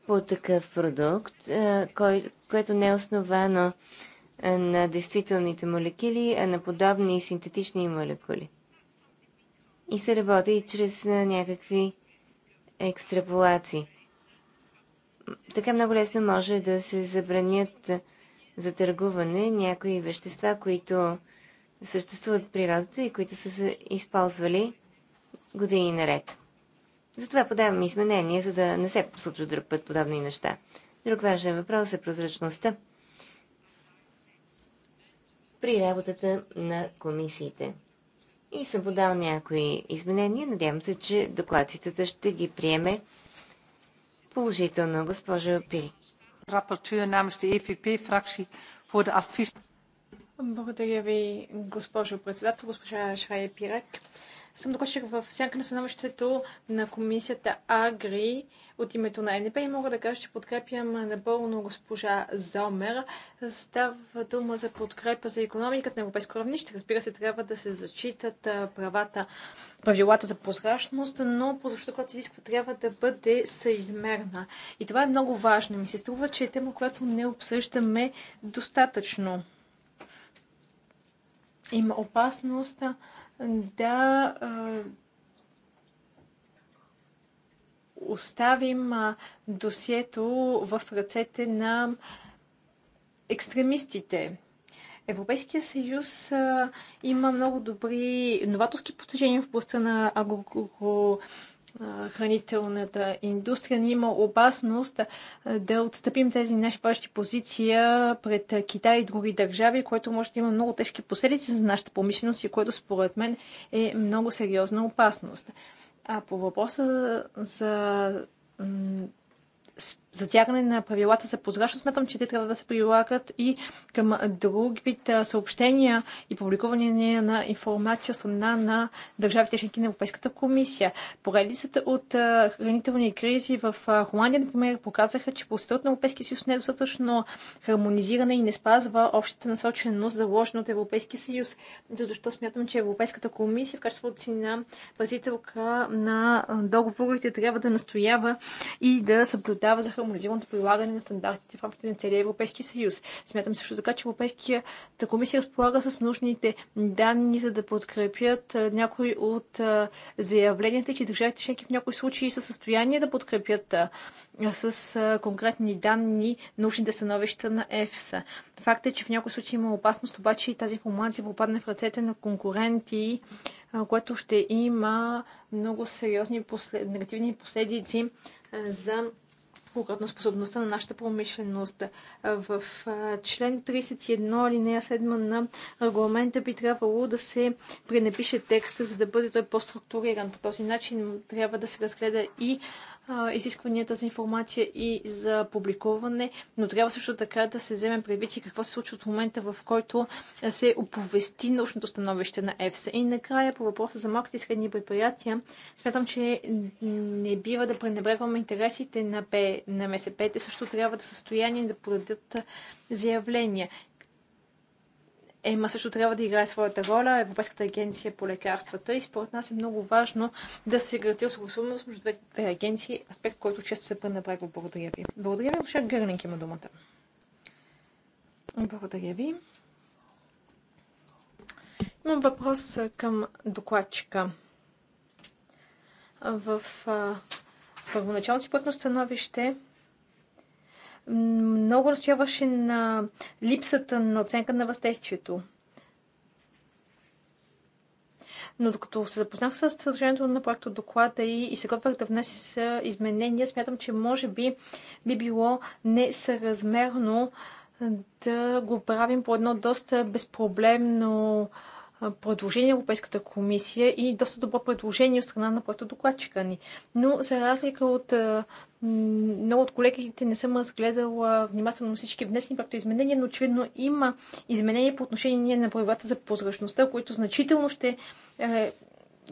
по такъв продукт, кой, което не е основано на действителните молекули, а на подобни синтетични молекули. И се работи и чрез някакви екстраполации. Така много лесно може да се забранят за търгуване някои вещества, които съществуват в природата и които са се използвали години наред. Затова подавам изменения, за да не се случва друг път подобни неща. Друг важен въпрос е прозрачността при работата на комисиите. И съм подал някои изменения. Надявам се, че докладчицата ще ги приеме положително, госпожа Пири. Рапортуер наместо ЕФП e фракции for афиш. Благодаря ви, госпожо председател, госпожа Шрая Пирек съм докладчик в сянка на съновището на комисията Агри от името на НП и мога да кажа, че подкрепям напълно госпожа Зомер. Става дума за подкрепа за економиката на европейско равнище. Разбира се, трябва да се зачитат правата, правилата за прозрачност, но по защото която се изисква, трябва да бъде съизмерна. И това е много важно. Ми се струва, че е тема, която не обсъждаме достатъчно. Има опасност да оставим досието в ръцете на екстремистите. Европейския съюз а, има много добри новаторски постижения в областта на агро хранителната индустрия. ни има опасност да отстъпим тези наши водещи позиция пред Китай и други държави, което може да има много тежки последици за нашата помишленост и което според мен е много сериозна опасност. А по въпроса за затягане на правилата за прозрачност, смятам, че те трябва да се прилагат и към друг вид съобщения и публикуване на информация от страна на държавите членки на Европейската комисия. Поредицата от хранителни кризи в Холандия, например, показаха, че процедурата на Европейския съюз не е достатъчно хармонизирана и не спазва общата насоченост, заложена от Европейския съюз. защо смятам, че Европейската комисия в качеството си на пазителка на договорите трябва да настоява и да съблюдава наблюдава за хармонизираното прилагане на стандартите в рамките на целия Европейски съюз. Смятам също така, че Европейската комисия разполага с нужните данни, за да подкрепят някои от заявленията, че държавите членки в някои случаи са състояние да подкрепят с конкретни данни научните становища на ЕФСА. Факт е, че в някои случаи има опасност, обаче и тази информация попадне в ръцете на конкуренти, което ще има много сериозни послед... негативни последици за конкретно способността на нашата промишленост. В член 31, алинея 7 на регламента би трябвало да се пренапише текста, за да бъде той по-структуриран. По този начин трябва да се разгледа и изискванията за информация и за публикуване, но трябва също така да се вземе предвид и какво се случва от момента, в който се оповести научното становище на ЕФСА. И накрая по въпроса за малките и средни предприятия, смятам, че не бива да пренебрегваме интересите на, на МСП. Те също трябва да са състояние да подадат заявления. ЕМА също трябва да играе своята роля, Европейската агенция по лекарствата и според нас е много важно да се гради съгласуваност между двете две агенции, аспект, който често се пренебрегва. Благодаря ви. Благодаря ви, госпожа Гърлинг има думата. Благодаря ви. Имам въпрос към докладчика. В първоначалното си пътно становище много разстояваше на липсата на оценка на въздействието. Но докато се запознах с съдържанието на проекта доклада и, и се готвях да внеса изменения, смятам, че може би би било несъразмерно да го правим по едно доста безпроблемно предложение Европейската комисия и доста добро предложение от страна на проекта докладчика ни. Но за разлика от много от колегите не съм разгледала внимателно всички внесени проекта изменения, но очевидно има изменения по отношение на правилата за прозрачността, които значително ще е,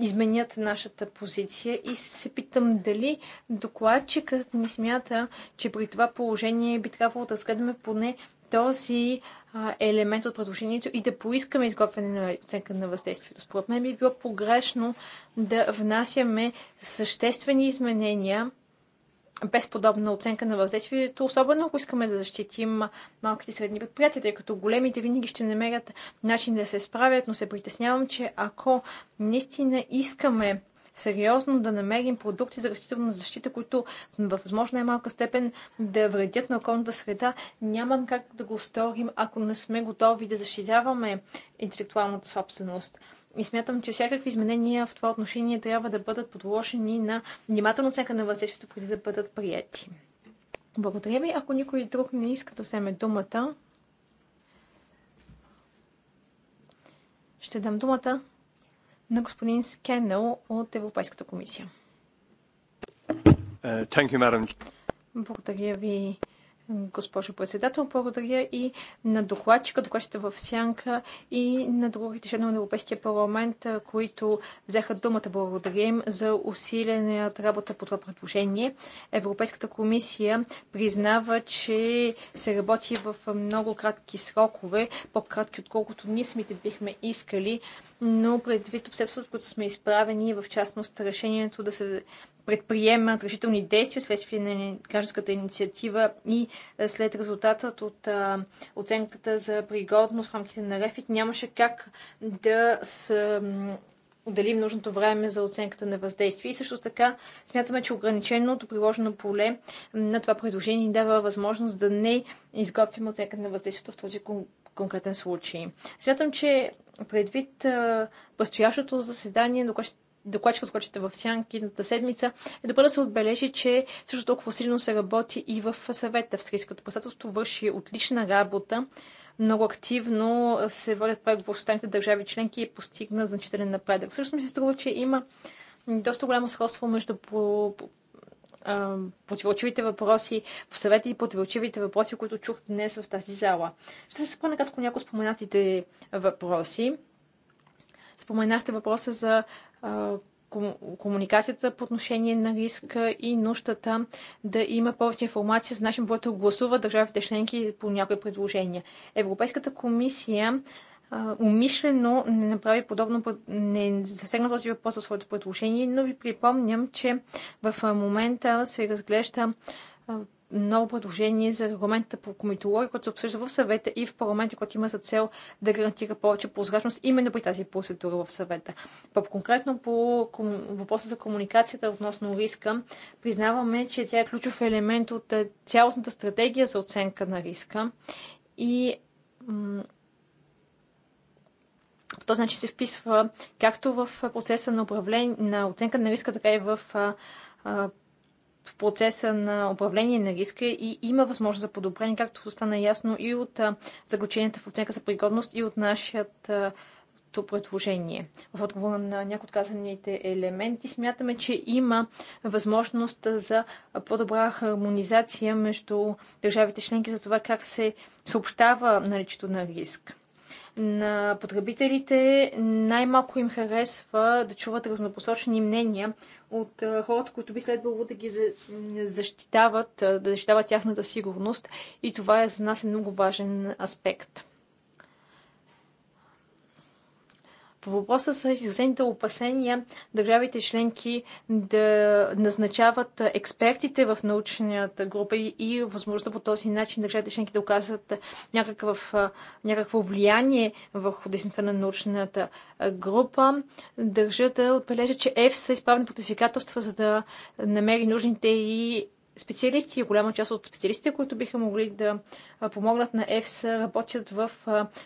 изменят нашата позиция и се питам дали докладчикът ни смята, че при това положение би трябвало да разгледаме поне този елемент от предложението и да поискаме изготвяне на оценка на въздействието. Според мен би било погрешно да внасяме съществени изменения без подобна оценка на въздействието, особено ако искаме да защитим малките и средни предприятия, тъй като големите винаги ще намерят начин да се справят, но се притеснявам, че ако наистина искаме сериозно да намерим продукти за растителна защита, които в възможно най-малка степен да вредят на околната среда. Нямам как да го сторим, ако не сме готови да защитяваме интелектуалната собственост. И смятам, че всякакви изменения в това отношение трябва да бъдат подложени на внимателно оценка на въздействието, преди да бъдат прияти. Благодаря ви. Ако никой друг не иска да вземе думата, ще дам думата на господин Скенел от Европейската комисия. Е, you, Благодаря ви, госпожо председател. Благодаря и на докладчика, докладчите в Сянка и на другите членове на Европейския парламент, е, които взеха думата. Благодаря им за усилената работа по това предложение. Европейската комисия признава, че се работи в много кратки срокове, по-кратки отколкото ние самите бихме искали, но предвид обстоятелствата, които сме изправени, в частност решението да се предприемат решителни действия следствие на гражданската инициатива и е, след резултатът от а, е, оценката за пригодност в рамките на Рефит, нямаше как да се отделим нужното време за оценката на въздействие. И също така смятаме, че ограниченото приложено поле на това предложение дава възможност да не изготвим оценка на въздействието в този конкретен случай. Смятам, че предвид предстоящото заседание, до което докладчика, с в сянки едната седмица, е добре да се отбележи, че също толкова силно се работи и в съвета. Австрийското председателство върши отлична работа. Много активно се водят преговори в останалите държави членки и постигна значителен напредък. Също ми се струва, че има доста голямо сходство между противоречивите въпроси в съвета и противоречивите въпроси, които чух днес в тази зала. Ще се спомня кратко някои споменатите въпроси. Споменахте въпроса за а, комуникацията по отношение на риска и нуждата да има повече информация за начин, който гласува държавите членки по някои предложения. Европейската комисия умишлено не направи подобно, не засегна този въпрос в своето предложение, но ви припомням, че в момента се разглежда ново предложение за регламента по комитология, който се обсъжда в съвета и в парламента, който има за цел да гарантира повече прозрачност именно при тази процедура в съвета. По-конкретно по въпроса за комуникацията относно риска, признаваме, че тя е ключов елемент от цялостната стратегия за оценка на риска и този начин се вписва както в процеса на, управление, на оценка на риска, така и в, в процеса на управление на риска и има възможност за подобрение, както стана ясно и от заключенията в оценка за пригодност и от нашият предложение. В отговор на някои от казаните елементи смятаме, че има възможност за по-добра хармонизация между държавите членки за това как се съобщава наличието на риск на потребителите най-малко им харесва да чуват разнопосочни мнения от хората, които би следвало да ги защитават, да защитават тяхната сигурност. И това е за нас е много важен аспект. По въпроса са изразените опасения държавите членки да назначават експертите в научната група и възможността по този начин държавите членки да оказват някакъв, някакво влияние върху дейността на научната група. Държа да отбележа, че ЕФСА е изправен предизвикателства, за да намери нужните и специалисти и голяма част от специалистите, които биха могли да помогнат на ЕФС, работят в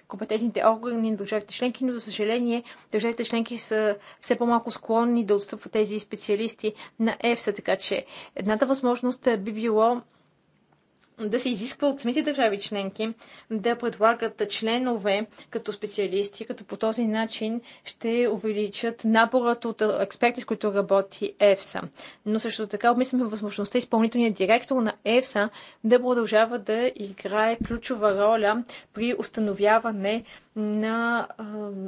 компетентните органи на държавите членки, но за съжаление държавите членки са все по-малко склонни да отстъпват тези специалисти на ЕФС, така че едната възможност би било да се изисква от самите държави членки да предлагат членове като специалисти, като по този начин ще увеличат наборът от експерти, с които работи ЕФСА. Но също така обмисляме възможността изпълнителният директор на ЕФСА да продължава да играе ключова роля при установяване на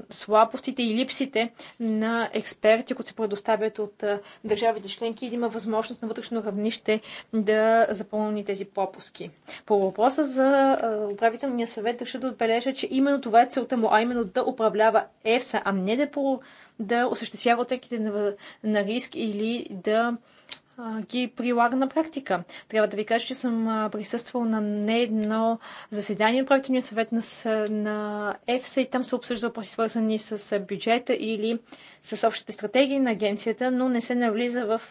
слабостите и липсите на експерти, които се предоставят от държавите членки и да има възможност на вътрешно равнище да запълни тези пропуски. По въпроса за управителния съвет държа да отбележа, че именно това е целта му, а именно да управлява ЕФСА, а не да, по, да осъществява оценките на, на риск или да ги прилага на практика. Трябва да ви кажа, че съм присъствал на не едно заседание на правителния съвет на, на ЕФСА и там се обсъжда въпроси свързани с бюджета или с общите стратегии на агенцията, но не се навлиза в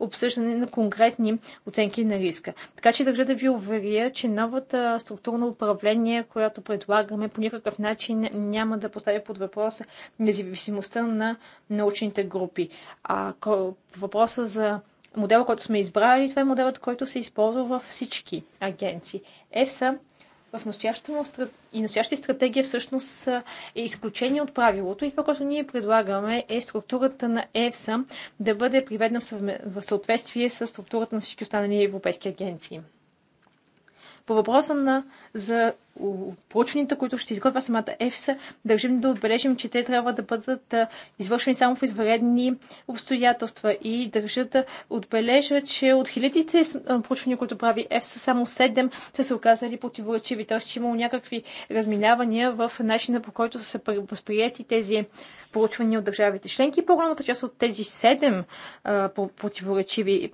обсъждане на конкретни оценки на риска. Така че държа да ви уверя, че новата структурно управление, която предлагаме, по никакъв начин няма да поставя под въпроса независимостта на научните групи. А въпроса за модела, който сме избрали, това е моделът, който се използва във всички агенции. ЕФСА в настоящата му и настоящата стратегия всъщност е изключение от правилото и това, което ние предлагаме е структурата на ЕФСА да бъде приведена в съответствие с структурата на всички останали европейски агенции. По въпроса на, за проучванията, които ще изготвя самата ЕФСА, държим да отбележим, че те трябва да бъдат извършени само в изваредни обстоятелства и държа да отбележа, че от хилядите проучвания, които прави ЕФСА, само 7 са се оказали противоречиви, т.е. че имало някакви разминавания в начина по който са възприяти тези проучвания от държавите членки. По-голямата част от тези 7 противоречиви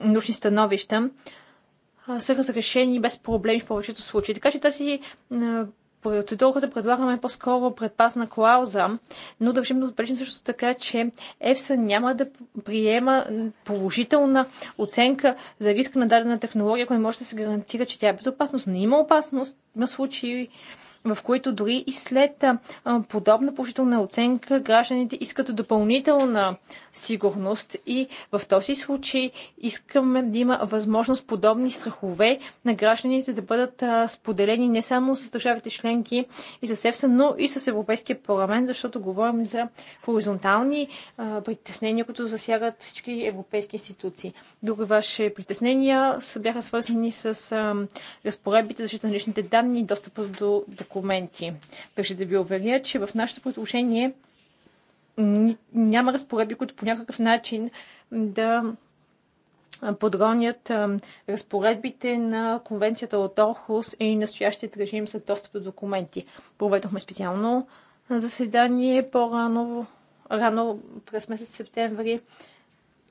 научни становища са разрешени без проблеми в повечето случаи. Така че тази процедура, предлагаме е по-скоро предпазна клауза, но държим да отбележим също така, че ЕФСА няма да приема положителна оценка за риска на дадена технология, ако не може да се гарантира, че тя е безопасност. Но има опасност, на случаи, в които дори и след подобна положителна оценка гражданите искат допълнителна сигурност и в този случай искаме да има възможност подобни страхове на гражданите да бъдат споделени не само с държавите членки и с ЕФСА, но и с Европейския парламент, защото говорим за хоризонтални притеснения, които засягат всички европейски институции. Други ваши притеснения бяха свързани с разпоредбите за защита на личните данни и достъпа до документи документи. Беше да ви уверя, че в нашето предложение няма разпоредби, които по някакъв начин да подгонят разпоредбите на конвенцията от Орхус и настоящият режим за достъп до документи. Проведохме специално заседание по-рано рано през месец септември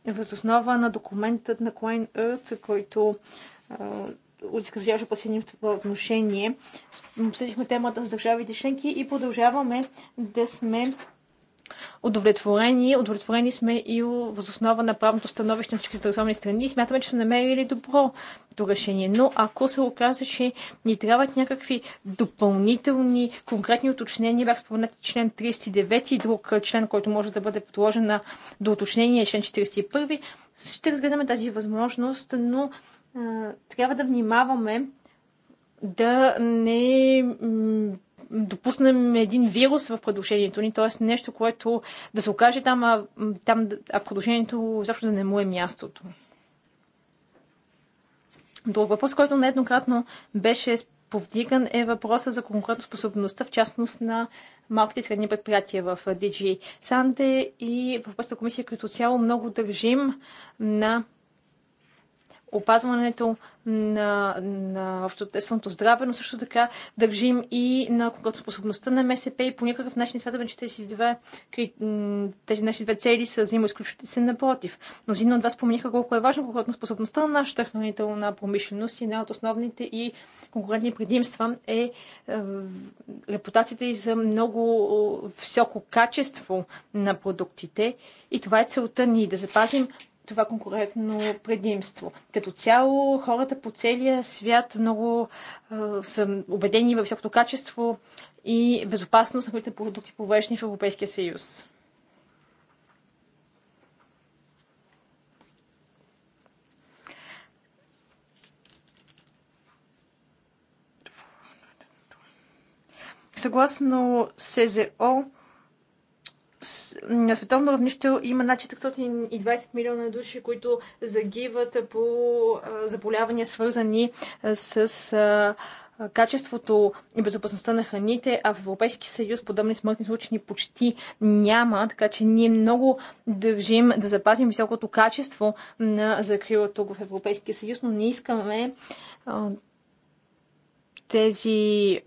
възоснова на документът на Coin Earth, който изразяваше опасения в отношение. Обсъдихме темата с държавите членки и продължаваме да сме удовлетворени. Удовлетворени сме и възоснова на правното становище на всички държавни страни. Смятаме, че сме намерили добро до решение. Но ако се оказа, че ни трябват някакви допълнителни конкретни уточнения, бях споменати член 39 и друг член, който може да бъде подложен на до уточнение член 41, ще разгледаме тази възможност, но трябва да внимаваме да не допуснем един вирус в предложението ни, т.е. нещо, което да се окаже там, а, там, а в предложението защо да не му е мястото. Друг въпрос, който нееднократно беше повдиган е въпроса за конкурентоспособността, в частност на малките и средни предприятия в DG Санте и в Европейската комисия като цяло много държим на опазването на, на общественото здраве, но също така държим и на способността на МСП и по някакъв начин смятаме, че тези, две, тези наши две цели са взаимоизключващи се напротив. Мнозина от вас спомениха колко е важно, важна способността на нашата хранителна промишленост и една от основните и конкурентни предимства е, е репутацията и за много високо качество на продуктите. И това е целта ни да запазим това конкурентно предимство. Като цяло, хората по целия свят много а, са убедени във високото качество и безопасност на които продукти повеждани в Европейския съюз. Съгласно СЗО, на световно равнище има над 420 милиона души, които загиват по заболявания, свързани с качеството и безопасността на храните, а в Европейски съюз подобни смъртни случаи почти няма, така че ние много държим да запазим високото качество на закрила тук в Европейския съюз, но не искаме тези,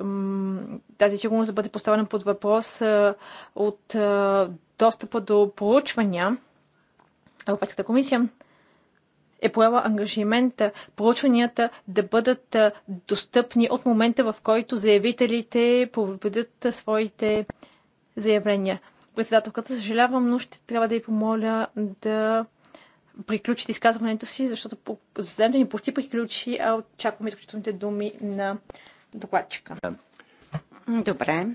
тази сигурност да бъде поставена под въпрос от достъпа до проучвания. Европейската комисия е поела ангажимент проучванията да бъдат достъпни от момента, в който заявителите поведат своите заявления. Председателката, съжалявам, но ще трябва да ви помоля да приключите изказването си, защото заседанието ни почти приключи, а очакваме изключителните думи на докладчика. Добре.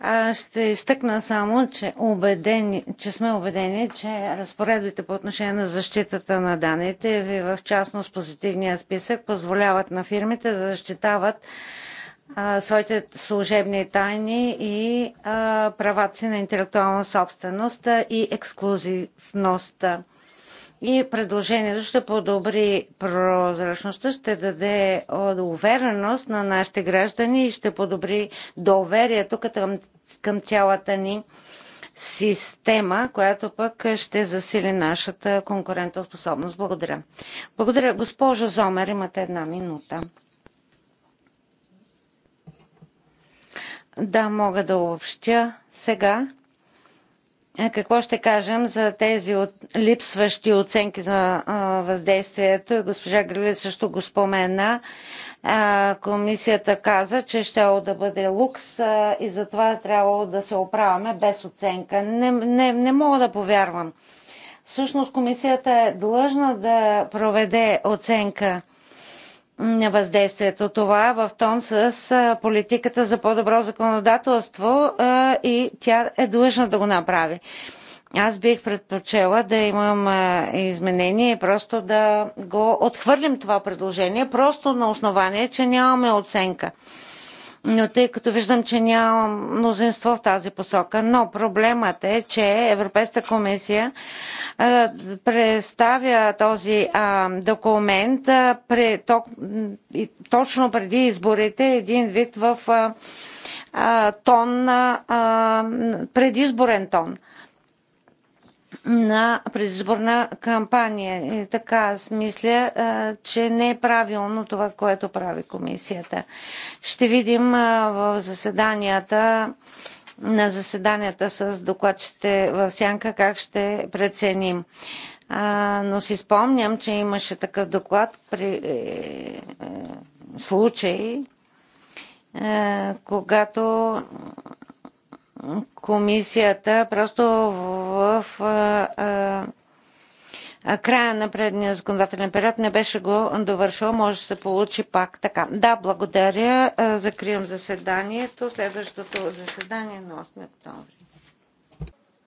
А ще изтъкна само, че, убедени, че сме убедени, че разпоредбите по отношение на защитата на данните ви в частност позитивния списък позволяват на фирмите да защитават а, своите служебни тайни и а, правата си на интелектуална собственост и ексклюзивността. И предложението ще подобри прозрачността, ще даде увереност на нашите граждани и ще подобри доверието към, към цялата ни система, която пък ще засили нашата конкурентоспособност. Благодаря. Благодаря. Госпожо Зомер, имате една минута. Да, мога да обобщя сега е, какво ще кажем за тези от, липсващи оценки за а, въздействието и госпожа Гриле също го спомена. А, комисията каза, че ще да бъде лукс а, и затова е трябвало да се оправяме без оценка. Не, не, не мога да повярвам. Всъщност комисията е длъжна да проведе оценка на въздействието. Това е в тон с политиката за по-добро законодателство и тя е длъжна да го направи. Аз бих предпочела да имам изменение и просто да го отхвърлим това предложение, просто на основание, че нямаме оценка но тъй като виждам, че няма мнозинство в тази посока. Но проблемът е, че Европейската комисия представя този а, документ а, то, точно преди изборите, един вид в тон, предизборен тон на предизборна кампания. И така, аз мисля, че не е правилно това, което прави комисията. Ще видим в заседанията на заседанията с докладчите в сянка как ще преценим. А, но си спомням, че имаше такъв доклад при е, е, случай, е, когато комисията просто в а, а, края на предния законодателен период не беше го довършила. Може да се получи пак така. Да, благодаря. Закривам заседанието. Следващото заседание е на 8 октомври.